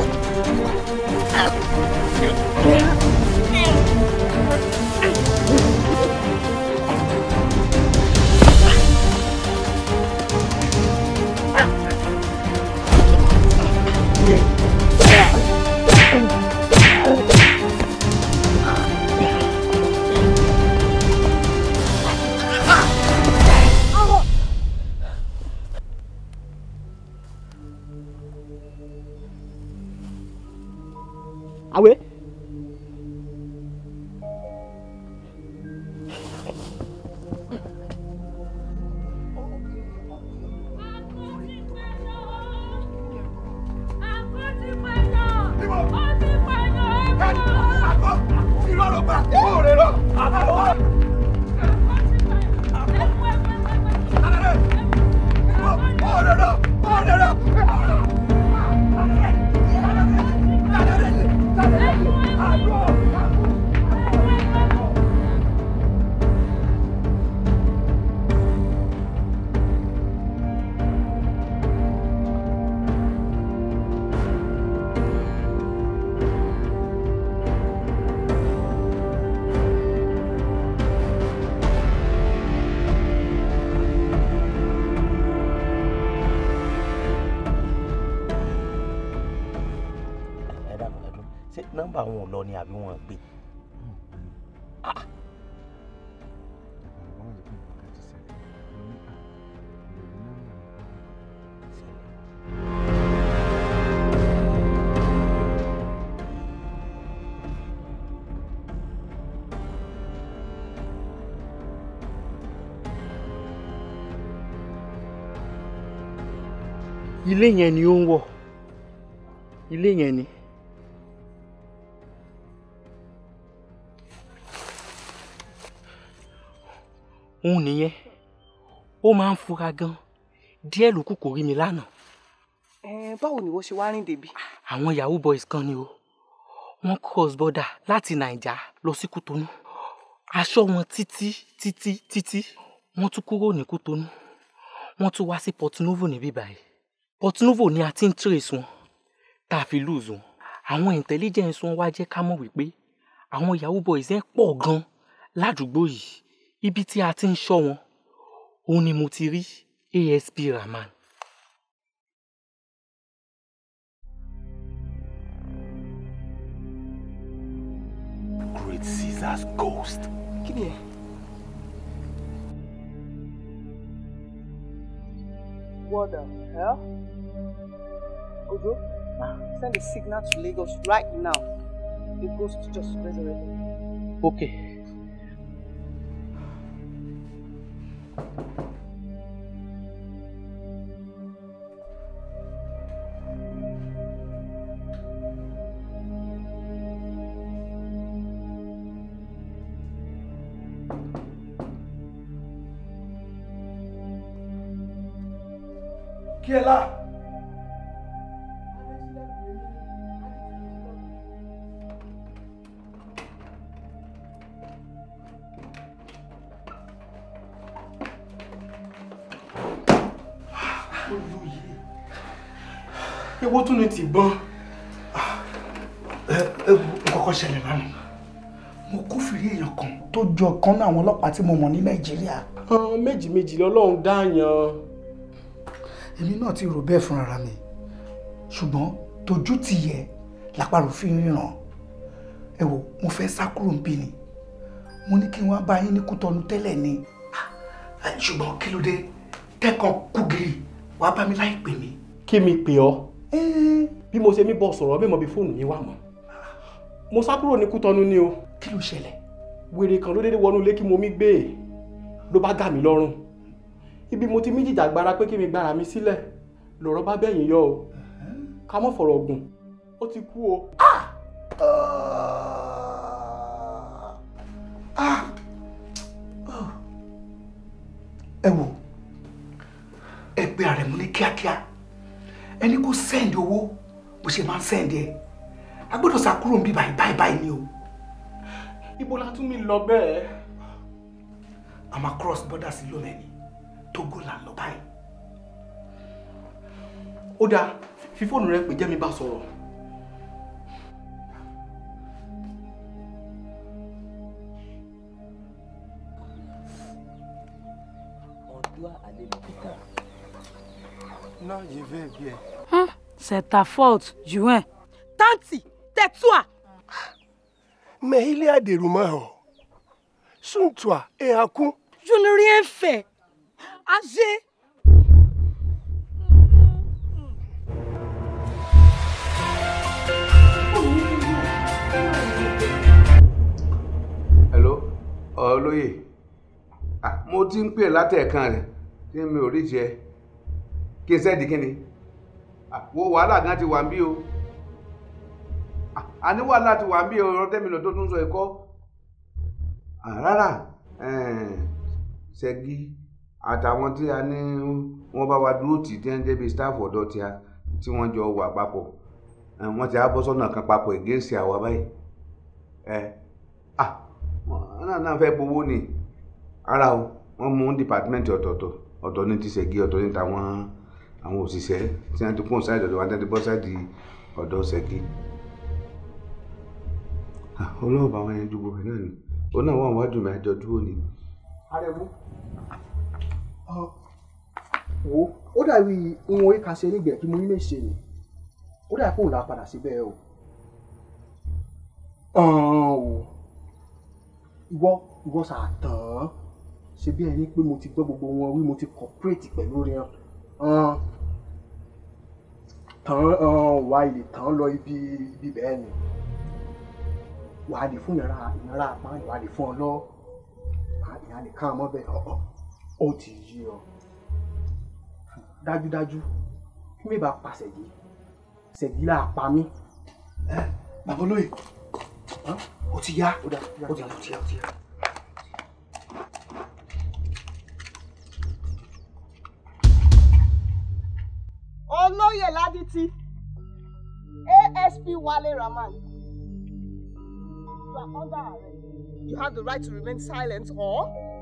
àbí wọn gbé. ilé yẹn ni ó ń wọ̀ ilé yẹn ni. òun nìyẹn ó máa ń fura gan díẹ̀ ló kù kò rí mi lánàá. ẹ báwo ni wọ́n ṣe wá rìn débi. àwọn yahoo boys kan ni o wọ́n cross border láti naija lọ sí kútonu aṣọ wọn títí títí títí wọ́n tún kúrò ní kútonu wọ́n tún wá sí port novo níbí báyìí port novo ni a ti ń trace wọn tá a fi lose wọn àwọn intelligence wọn wá jẹ́ ká mọ̀ wípé àwọn yahoo boys ẹ̀ pọ̀ gan ládùúgbò yìí ibi tí a ti ń ṣọ́ wọn òun ni mo ti rí ASP Rahman. Great Caesar's ghost. kí ni ẹ. What the hell? Ojo, ah. send a signal to Lagos right now. The ghost just resurrected. Okay. Thank you. ewo tún ni tìbọn kọ́kọ́ ṣẹlẹ̀ lánàá mo kófìrí èèyàn kan tó jọ kan náà àwọn ọlọ́pàá tí mo mọ̀ ní nàìjíríà. méjì méjì lọ́lọ́run dáàyàn. èmi náà ti rò bẹ́ẹ̀ fúnra mi ṣùgbọ́n tójú ti yẹ làpárò fi ń ríran ẹ wò mo fẹ́ sá kúrò níbí ni mo ní kí n wá bá yín ní kútọ́nu tẹ́lẹ̀ ni ṣùgbọ́n kí ló dé tẹ́kàn kúgìrì wàá bá mi láì pè mí. kí mi pè ọ́. Eh, bí mo ṣe mí bọ́ sọ̀rọ̀ bí mo bí fóònù mi wà mọ́ mo sá kúrò ní kútọ́nù ni o kí ló ṣẹlẹ̀ wèrè kan ló dédé wọnú ilé kí mo mí gbé e ló bá gà mí lọ́rùn ibi mo ti mí jìjà gbára pé kí mi gbára mi sílẹ̀ lọ̀rọ̀ bá bẹ̀yìn yọ o ká mọ́ fọ̀rọ̀ gùn ó ti kú o. Ah! Ah! Ah! ẹ wo ẹ gbé ààrẹ mú ní kíákíá ẹni kò sẹ́ndì owó bó ṣe máa ń sẹ́ndì ẹ̀ a gbọ́dọ̀ sá kúrò níbí báyìí báyìí báyìí ni o. ibo la tún mi lọ bẹ́ẹ̀. a máa cross border sí lómẹ́ni Togo là ń lọ báyìí. ó dáa fi fóònù rẹ pè jẹ́ mi bá sọ̀rọ̀. ọdún àlejò peter. náà yẹ bẹ́ẹ̀ C'est ta faute, Juin. Tanti, tais-toi Mais il y a des rumeurs. Souviens-toi et à coup. Je n'ai rien fait. Agé Hello, oh, olóyè. Ah, mo ti ń pè la rẹ̀ kí mi ò rí jẹ. Kí n sẹ́ẹ̀dì kí ni? Ah, wo wàhálà gan ti wà ń bí o àní ah, wàhálà ti wà ń bí o ọ̀rọ̀ tẹ́mi lọ tó tún sọ ẹ̀kọ́ ah, rárá eh, ṣẹ́gi àtàwọn tí a ní wọ́n bá wa dúró tì tí wọ́n jẹ́ bíi staff ọ̀dọ́ tí a tí wọ́n jọ wà papọ̀ eh, wọ́n ti á bọ́ sọ́nà kan papọ̀ ìgéǹsì àwa báyìí ẹ eh, à wọ́n náà náà fẹ́ gbowó ni ara o wọ́n mú dípàtímẹ́ǹtì ọ̀tọ̀ọ̀tọ̀ ọ̀tọ̀ ní ti ṣẹ́gi ọ̀tọ̀ ní tàwọn àwọn òṣìṣẹ́ tí wọ́n ti pọ̀ sáìdì ọ̀dọ̀ wa tẹ́tí bọ́ sáìdì ọ̀dọ̀ ṣẹ́gi. Ah, ọlọ́run bá wọn yẹn ju gbogbo náà ni òun náà wà wájú mi àjọ dúró ni. arẹwú ah, wo ó dàbí ìwọ̀n orí kan ṣe nígbẹ̀ẹ́ kí mo ní lè ṣe ni ó dàbí kóun là á padà o. Ah, ìwọ ìwọ sàtàn ṣe bí ẹni pé mo ti gbọ́ gbogbo wọn wí mo ti cooperate pẹ̀lú rẹ̀ hàn hàn tán hàn wá ilé tán lọ ibi ibi bẹ́ẹ̀ ni wàá lè fún ìnira ìnira àpá ìwà lè fún ọ lọ ìyá lè kàn mọ́ bẹ́ẹ̀ ọ̀ọ́ ó ti yí ọ dájúdájú kí mi bá pa ṣẹ̀gí ṣẹ̀gí là pa mí. bàbá olóyè ó ti ó ti yá ó ti yá ó ti yá. olóyè ládìtì asp wale rahman you are under arrest you have the right to remain silent or.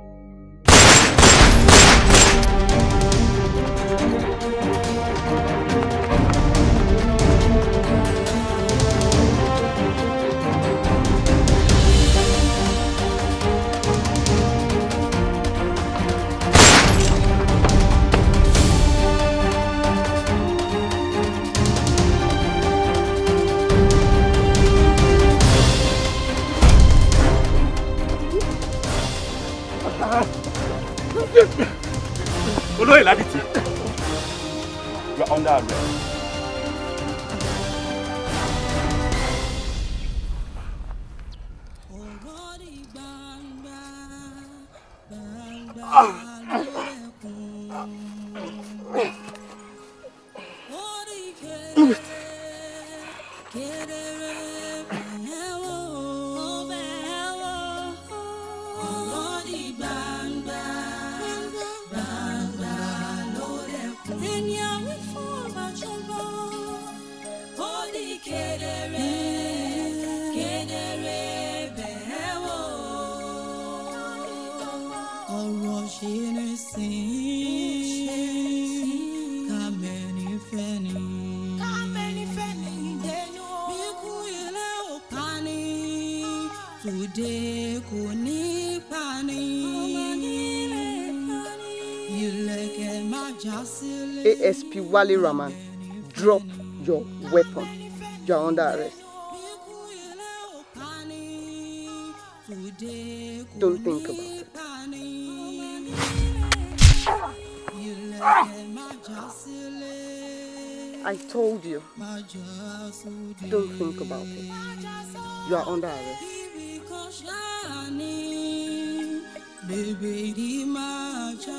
Piwale Raman, drop your weapon. You are under arrest. Don't think about it. I told you. Don't think about it. You are under arrest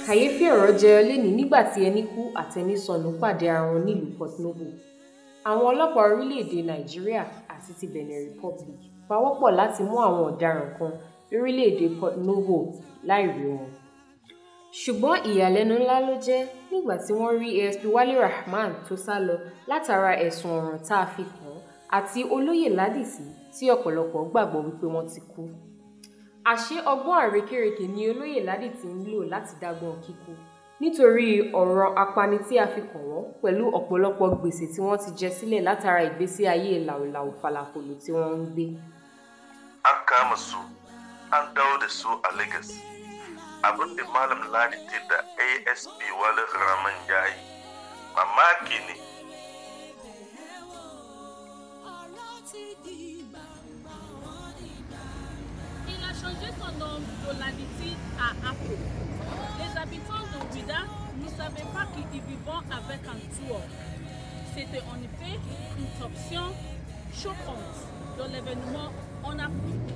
kàyééfì ọ̀rọ̀ jẹyọ lẹ́nìí nígbà tí ẹni kú àtẹni sọnù pàdé ara wọn nílùú port novo àwọn ọlọ́pàá orílẹ̀‐èdè nàìjíríà àti ti benin republic pawọ́pọ̀ láti mú àwọn ọ̀daràn kan lórílẹ̀‐èdè port novo láìrí wọn ṣùgbọ́n ìyàlẹ́nu ńlá ló jẹ́ nígbà tí wọ́n rí asp wálé rahman tó sá lọ látara ẹ̀sùn ọ̀ràn tá a fi kàn án àti olóyè ládìsí tí ọ̀pọ̀lọpọ̀ gbàgbọ́ wípé wọ́n ti kú àṣé ọgbọ́n àrékérekè ni olóyè ládìtì ń lò láti dágbọ́n kíkú nítorí ọ̀rọ̀ apani tí a fi kàn wọ́n pẹ̀lú ọ̀pọ̀lọpọ̀ gbèsè tí wọ́n ti jẹ sílẹ̀ látara ìgbésí ayé làwùlàwù falafolo tí wọ́n ń gbé. an kama su an dawo da su a lagos abin da malam ladite da asp wale rahman ya yi mamaki ne changer son nom de l'habitude à Apu. Les habitants de Ouida ne savaient pas qu'ils vivaient avec un tour. C'était en effet une option choquante dans l'événement en Afrique.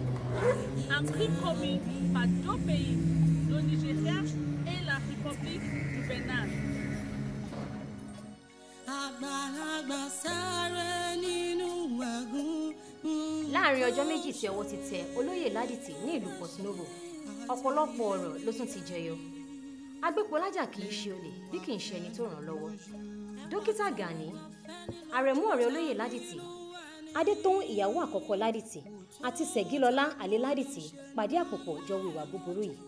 Un crime commis par deux pays, le Nigeria et la République du Bénin. láàrin ọjọ́ méjì tí ọwọ́ ti tẹ olóyè ládìtì ní ìlú portnovo ọ̀pọ̀lọpọ̀ ọ̀rọ̀ ló tún ti jẹyọ agbépolájà kì í ṣe olè bí kì í ṣe ẹni tó ràn lọ́wọ́ dókítà gani àrẹ̀mú ọ̀rẹ́ olóyè ládìtì adétóhùn ìyàwó àkọ́kọ́ ládìtì àti sẹ̀gílọ́lá àlè ládìtì pàdé àpòpọ̀ jọ̀wọ́ ìwà búburú yìí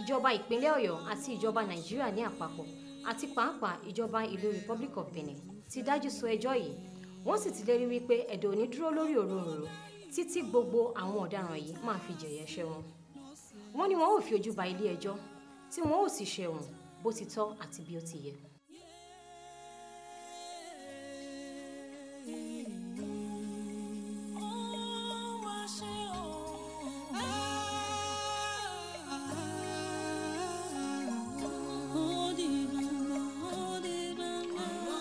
ìjọba ìpínlẹ̀ ọ̀yọ́ àti ìjọba nàìjíríà ní àpapọ̀ àti pàápàá ìjọba ìlú republic of benin ti dájú sọ ẹjọ́ yìí wọ́n sì ti lérí wípé ẹ̀dọ̀ ò ní dúró lórí òróǹro títí gbogbo àwọn ọ̀daràn yìí máa fi jẹ̀yà ẹ̀ṣẹ̀ wọn wọ́n ní wọn ò fi ojú ba ilé ẹjọ́ tí wọn ò sì ṣẹ̀wọ̀n bó ti tọ́ àti bí ó ti yẹ.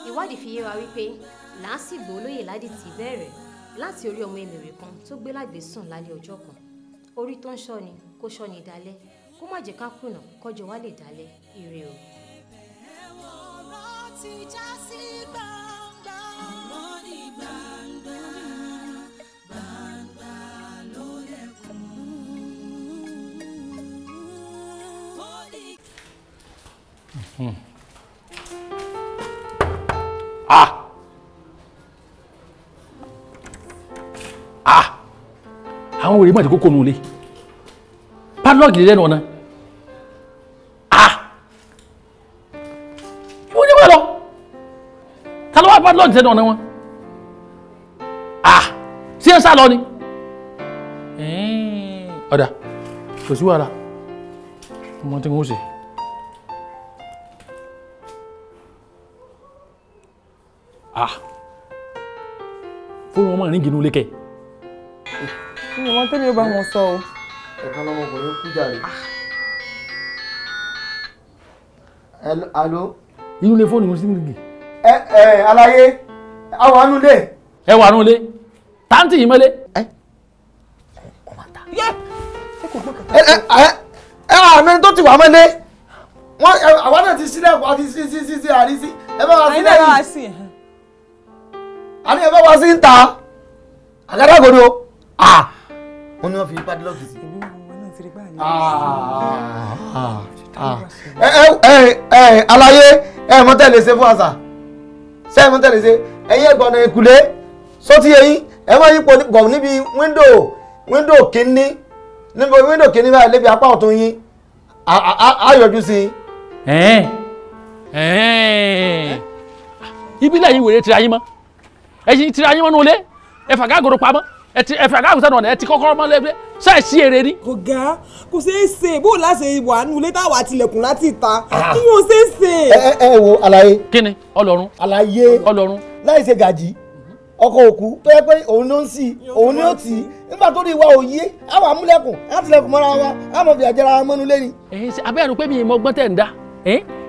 ìwádìí fi yé wa wípé làásìgbò olóyè ládìtì bẹ̀rẹ̀ láti orí ọmọ èmèrè kan tó gbé lágbèsùn lálẹ́ ọjọ́ kan orí tó ń ṣọ́ni kó ṣọ́ni dalẹ́ kó má jẹ́ ká kùnà kọjọ wá lè dalẹ́ ire o. hmm àwọn wèrè mọ̀ kókó nulẹ̀ padlock lè lẹ́nu ọ̀nà ah ìwọ ni wọ́n lọ ta ló wá padlock lẹ́nu ọ̀nà wọn ah sí ẹ sá lọ ni ọ̀dà kò sí wàhálà ọmọ tí wọ́n ṣe. ah fóònù wọn máa ń rìn gínú lékè ọmọ tẹ́lẹ̀ yóò bá wọn sọ o. ẹ̀ka lọ́mọkùnrin kú jàre. Ah. alo. inú ilé fóònù mo sì ń gbè. ẹ ẹ aláyé àwọn àánú ẹ wà nù lé táǹtì yìí mọ́lé. ẹ ọmọ ta. ẹ ẹ àmì tó ti wà mọ́lé wọn àwọn náà ti sílẹ̀ àti sí sí sí sí àrísí ẹ bá wa sílẹ̀ yìí àní ẹ bá wa sí ń ta àgádágodo à ah wọ́n ní wọ́n fi padlọ́ọ̀kì sí. èmi náà wọ́n náà ti rí gbà ní. Ah, ah, ah, aláyé ẹ mọ tẹ́lẹ̀ ṣe fún àṣà ṣe é mọ tẹ́lẹ̀ ṣe ẹ̀yin ẹ̀gbọ́n ìkùlé sọ́tí ẹ̀yin ẹ máa yípo bọ̀ níbi wíńdò wíńdò kínní níbi wíńdò kínní báyìí lébi apá ọ̀tún yín á yọjú sí i. ibi lẹ́yìn wèrè tira yín mọ́ ẹ̀yin tira yín mọ́ nulẹ̀ ẹ̀fà gágòrò pamọ́ ẹ ti ẹ fẹ ká àgùntàn ọ̀nà ẹ ti kọ́kọ́rọ́ mọ́ lẹ́gbẹ́ ṣe é sí èrè ni. ọ̀gá kò ṣeé ṣe bó o láṣẹ wà nínú ilé táwa tilẹ̀kùn láti ta ah. kí wọ́n ṣeé ṣe. ẹ ẹ wo alaye. kí ni ọlọ́run. alaye ọlọ́run. láì ṣe gàjí ọkọ òkú tó yẹ pé òun ló ń sí òun ni ó tì í nígbà tó rí ìwà òye àwọn amúlẹ̀kùn àtìlẹ̀kùn mọ́ra wa àmọ́ fi àjẹrà mọ́nu lé ni. ẹ̀yin ṣe abẹ́rẹ́ ló pé mi ìmọ̀ ọgbọ́n tẹ̀ ń dá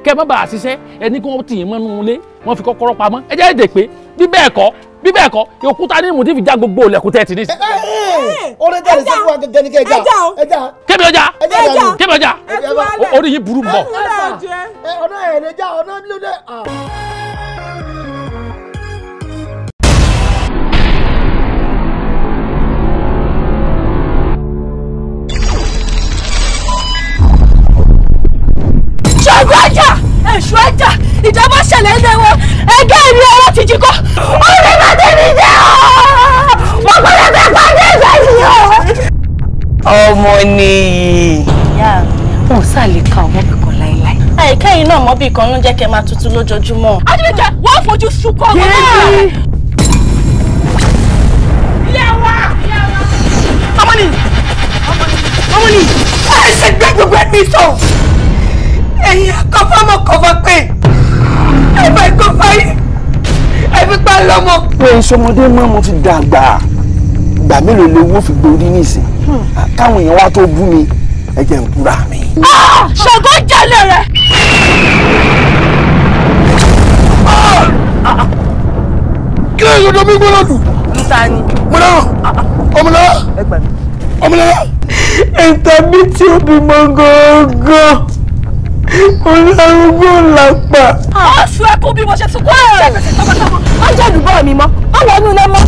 kẹ́ ẹ má bàa ṣiṣẹ́ ẹni kí wọ́n tì í mọ́nu lé wọ́n fi kọ́kọ́rọ́ pamọ́ ẹ jẹ́ èdè pé bí bẹ́ẹ̀ kọ́ bí bẹ́ẹ̀ kọ́ òkúta ní ìmùtí fi já gbogbo olẹ̀kùn tẹ́ẹ̀tì ní. orin tẹ̀lé sẹ́kù wa gẹ́gẹ́ ní kẹjá ẹja kébì ọjà kébì ọjà orí yìí burú bọ̀. ọ̀nà ẹ̀ lè já ọ̀nà mi ló dé. ṣọ́jà ẹ̀ṣọ́ ẹ̀jà dìde bó ṣẹlẹ̀ ń lẹ́wọ́ ẹgbẹ́ ìlú ọwọ́ ti jí kọ́ ó ní bàtí mi jẹ́ ọ́ mo kọ́ lè fẹ́ pàdé ìfẹ́ yìí o. ọmọ nìyí. ìyá wọn sàlè ka ọmọ bìkan láéláé. àìká yìí náà mọ́bì kan ló jẹ́ kẹ́ máa tutù lójoojúmọ́. adébíkẹ́ wọ́n fojú sunkún ọmọ náà. ilé ọmọ ni ọmọ ni ẹ ṣe gbẹ gbogbo ẹbí sọ ẹ̀yin akọfọmọkọfọ pé ẹ bá ikọ́ fáyé ẹ fi pa lọ́mọ. pé ìṣọmọdé mọ́ mo ti dàgbà gbà mélòó lowó fi gborí nìsín káwọn èèyàn wá tó bú mi ẹ jẹ́ ń búra mi. Ah! ṣàgó jalè rẹ. Ah! kí ló ń sọdọ mi gbọ́dọ̀ dùn. n ta ni. mo náà ọmọlára ọmọlára. ìtàn mi tí ó bí mọ́ gógó. Olárúgbó làpà. Oṣù ẹkún bí mo ṣe tún kọ́ ẹ̀ ṣe fèsì tọmọtọmọ. Má ìdúgbò mi mọ́, má inú ilé mọ́.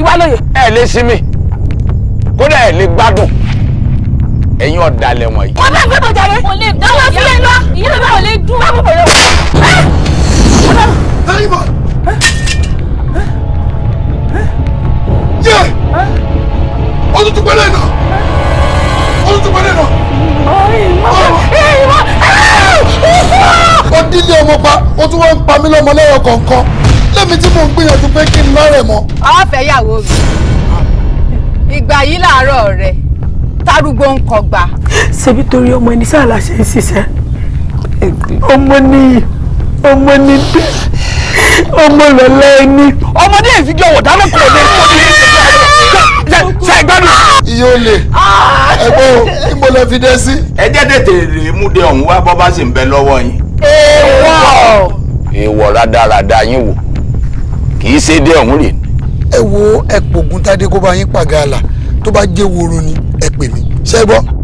Ìwà lóye. Ẹ lè sinmi, kódà ẹ lè gbádùn ẹ̀yin ọ̀dàlẹ̀ wọ̀nyí. Wọ́n bá gbẹ́bọ̀ jàre. Kò lè dùn. Dáwọ́ sílẹ̀ lọ. Ìyá mi kò lè dùn. Báwo bẹ̀rẹ̀ wọ̀? Táyìnbọ̀. Yé! Ó tún tún náà tuntun wọlé lọ. ó dílé ọmọ pa ó tún wá ń pa mí lọ́mọ lẹ́yọ kọ̀ọ̀kan lẹ́mi tí mò ń gbìyànjú pé kí n má rẹ̀ mọ́. ọ̀fẹ́ yàwó mi ìgbà yìí làárọ̀ rẹ̀ tárúgbó ń kọgbà. ṣebí torí ọmọ ẹni sáà la ṣe ń ṣiṣẹ́ ọmọ nìyí ọmọ ní ọmọ lọ́lá ẹni. ọmọdé ìfijọ́ wọ̀dá lọ́kùnrin ní ìfọ̀dí ṣe gbọ́dọ̀. iye olè ah! ẹgbẹ́ o níbo lẹ fi dé sí. ẹ jẹ́ tètè rè é múde ọ̀hún wá bọ́ bá sì ń bẹ lọ́wọ́ yín. èèwọ̀. èèwọ̀ rádaràda yín wò kì í ṣe dé ọ̀hún rè. ẹ wo ẹ pògùn tádé kó bá yín pàgàlà tó bá jẹ́ woro ni ẹ pè mí ṣé gbọ́.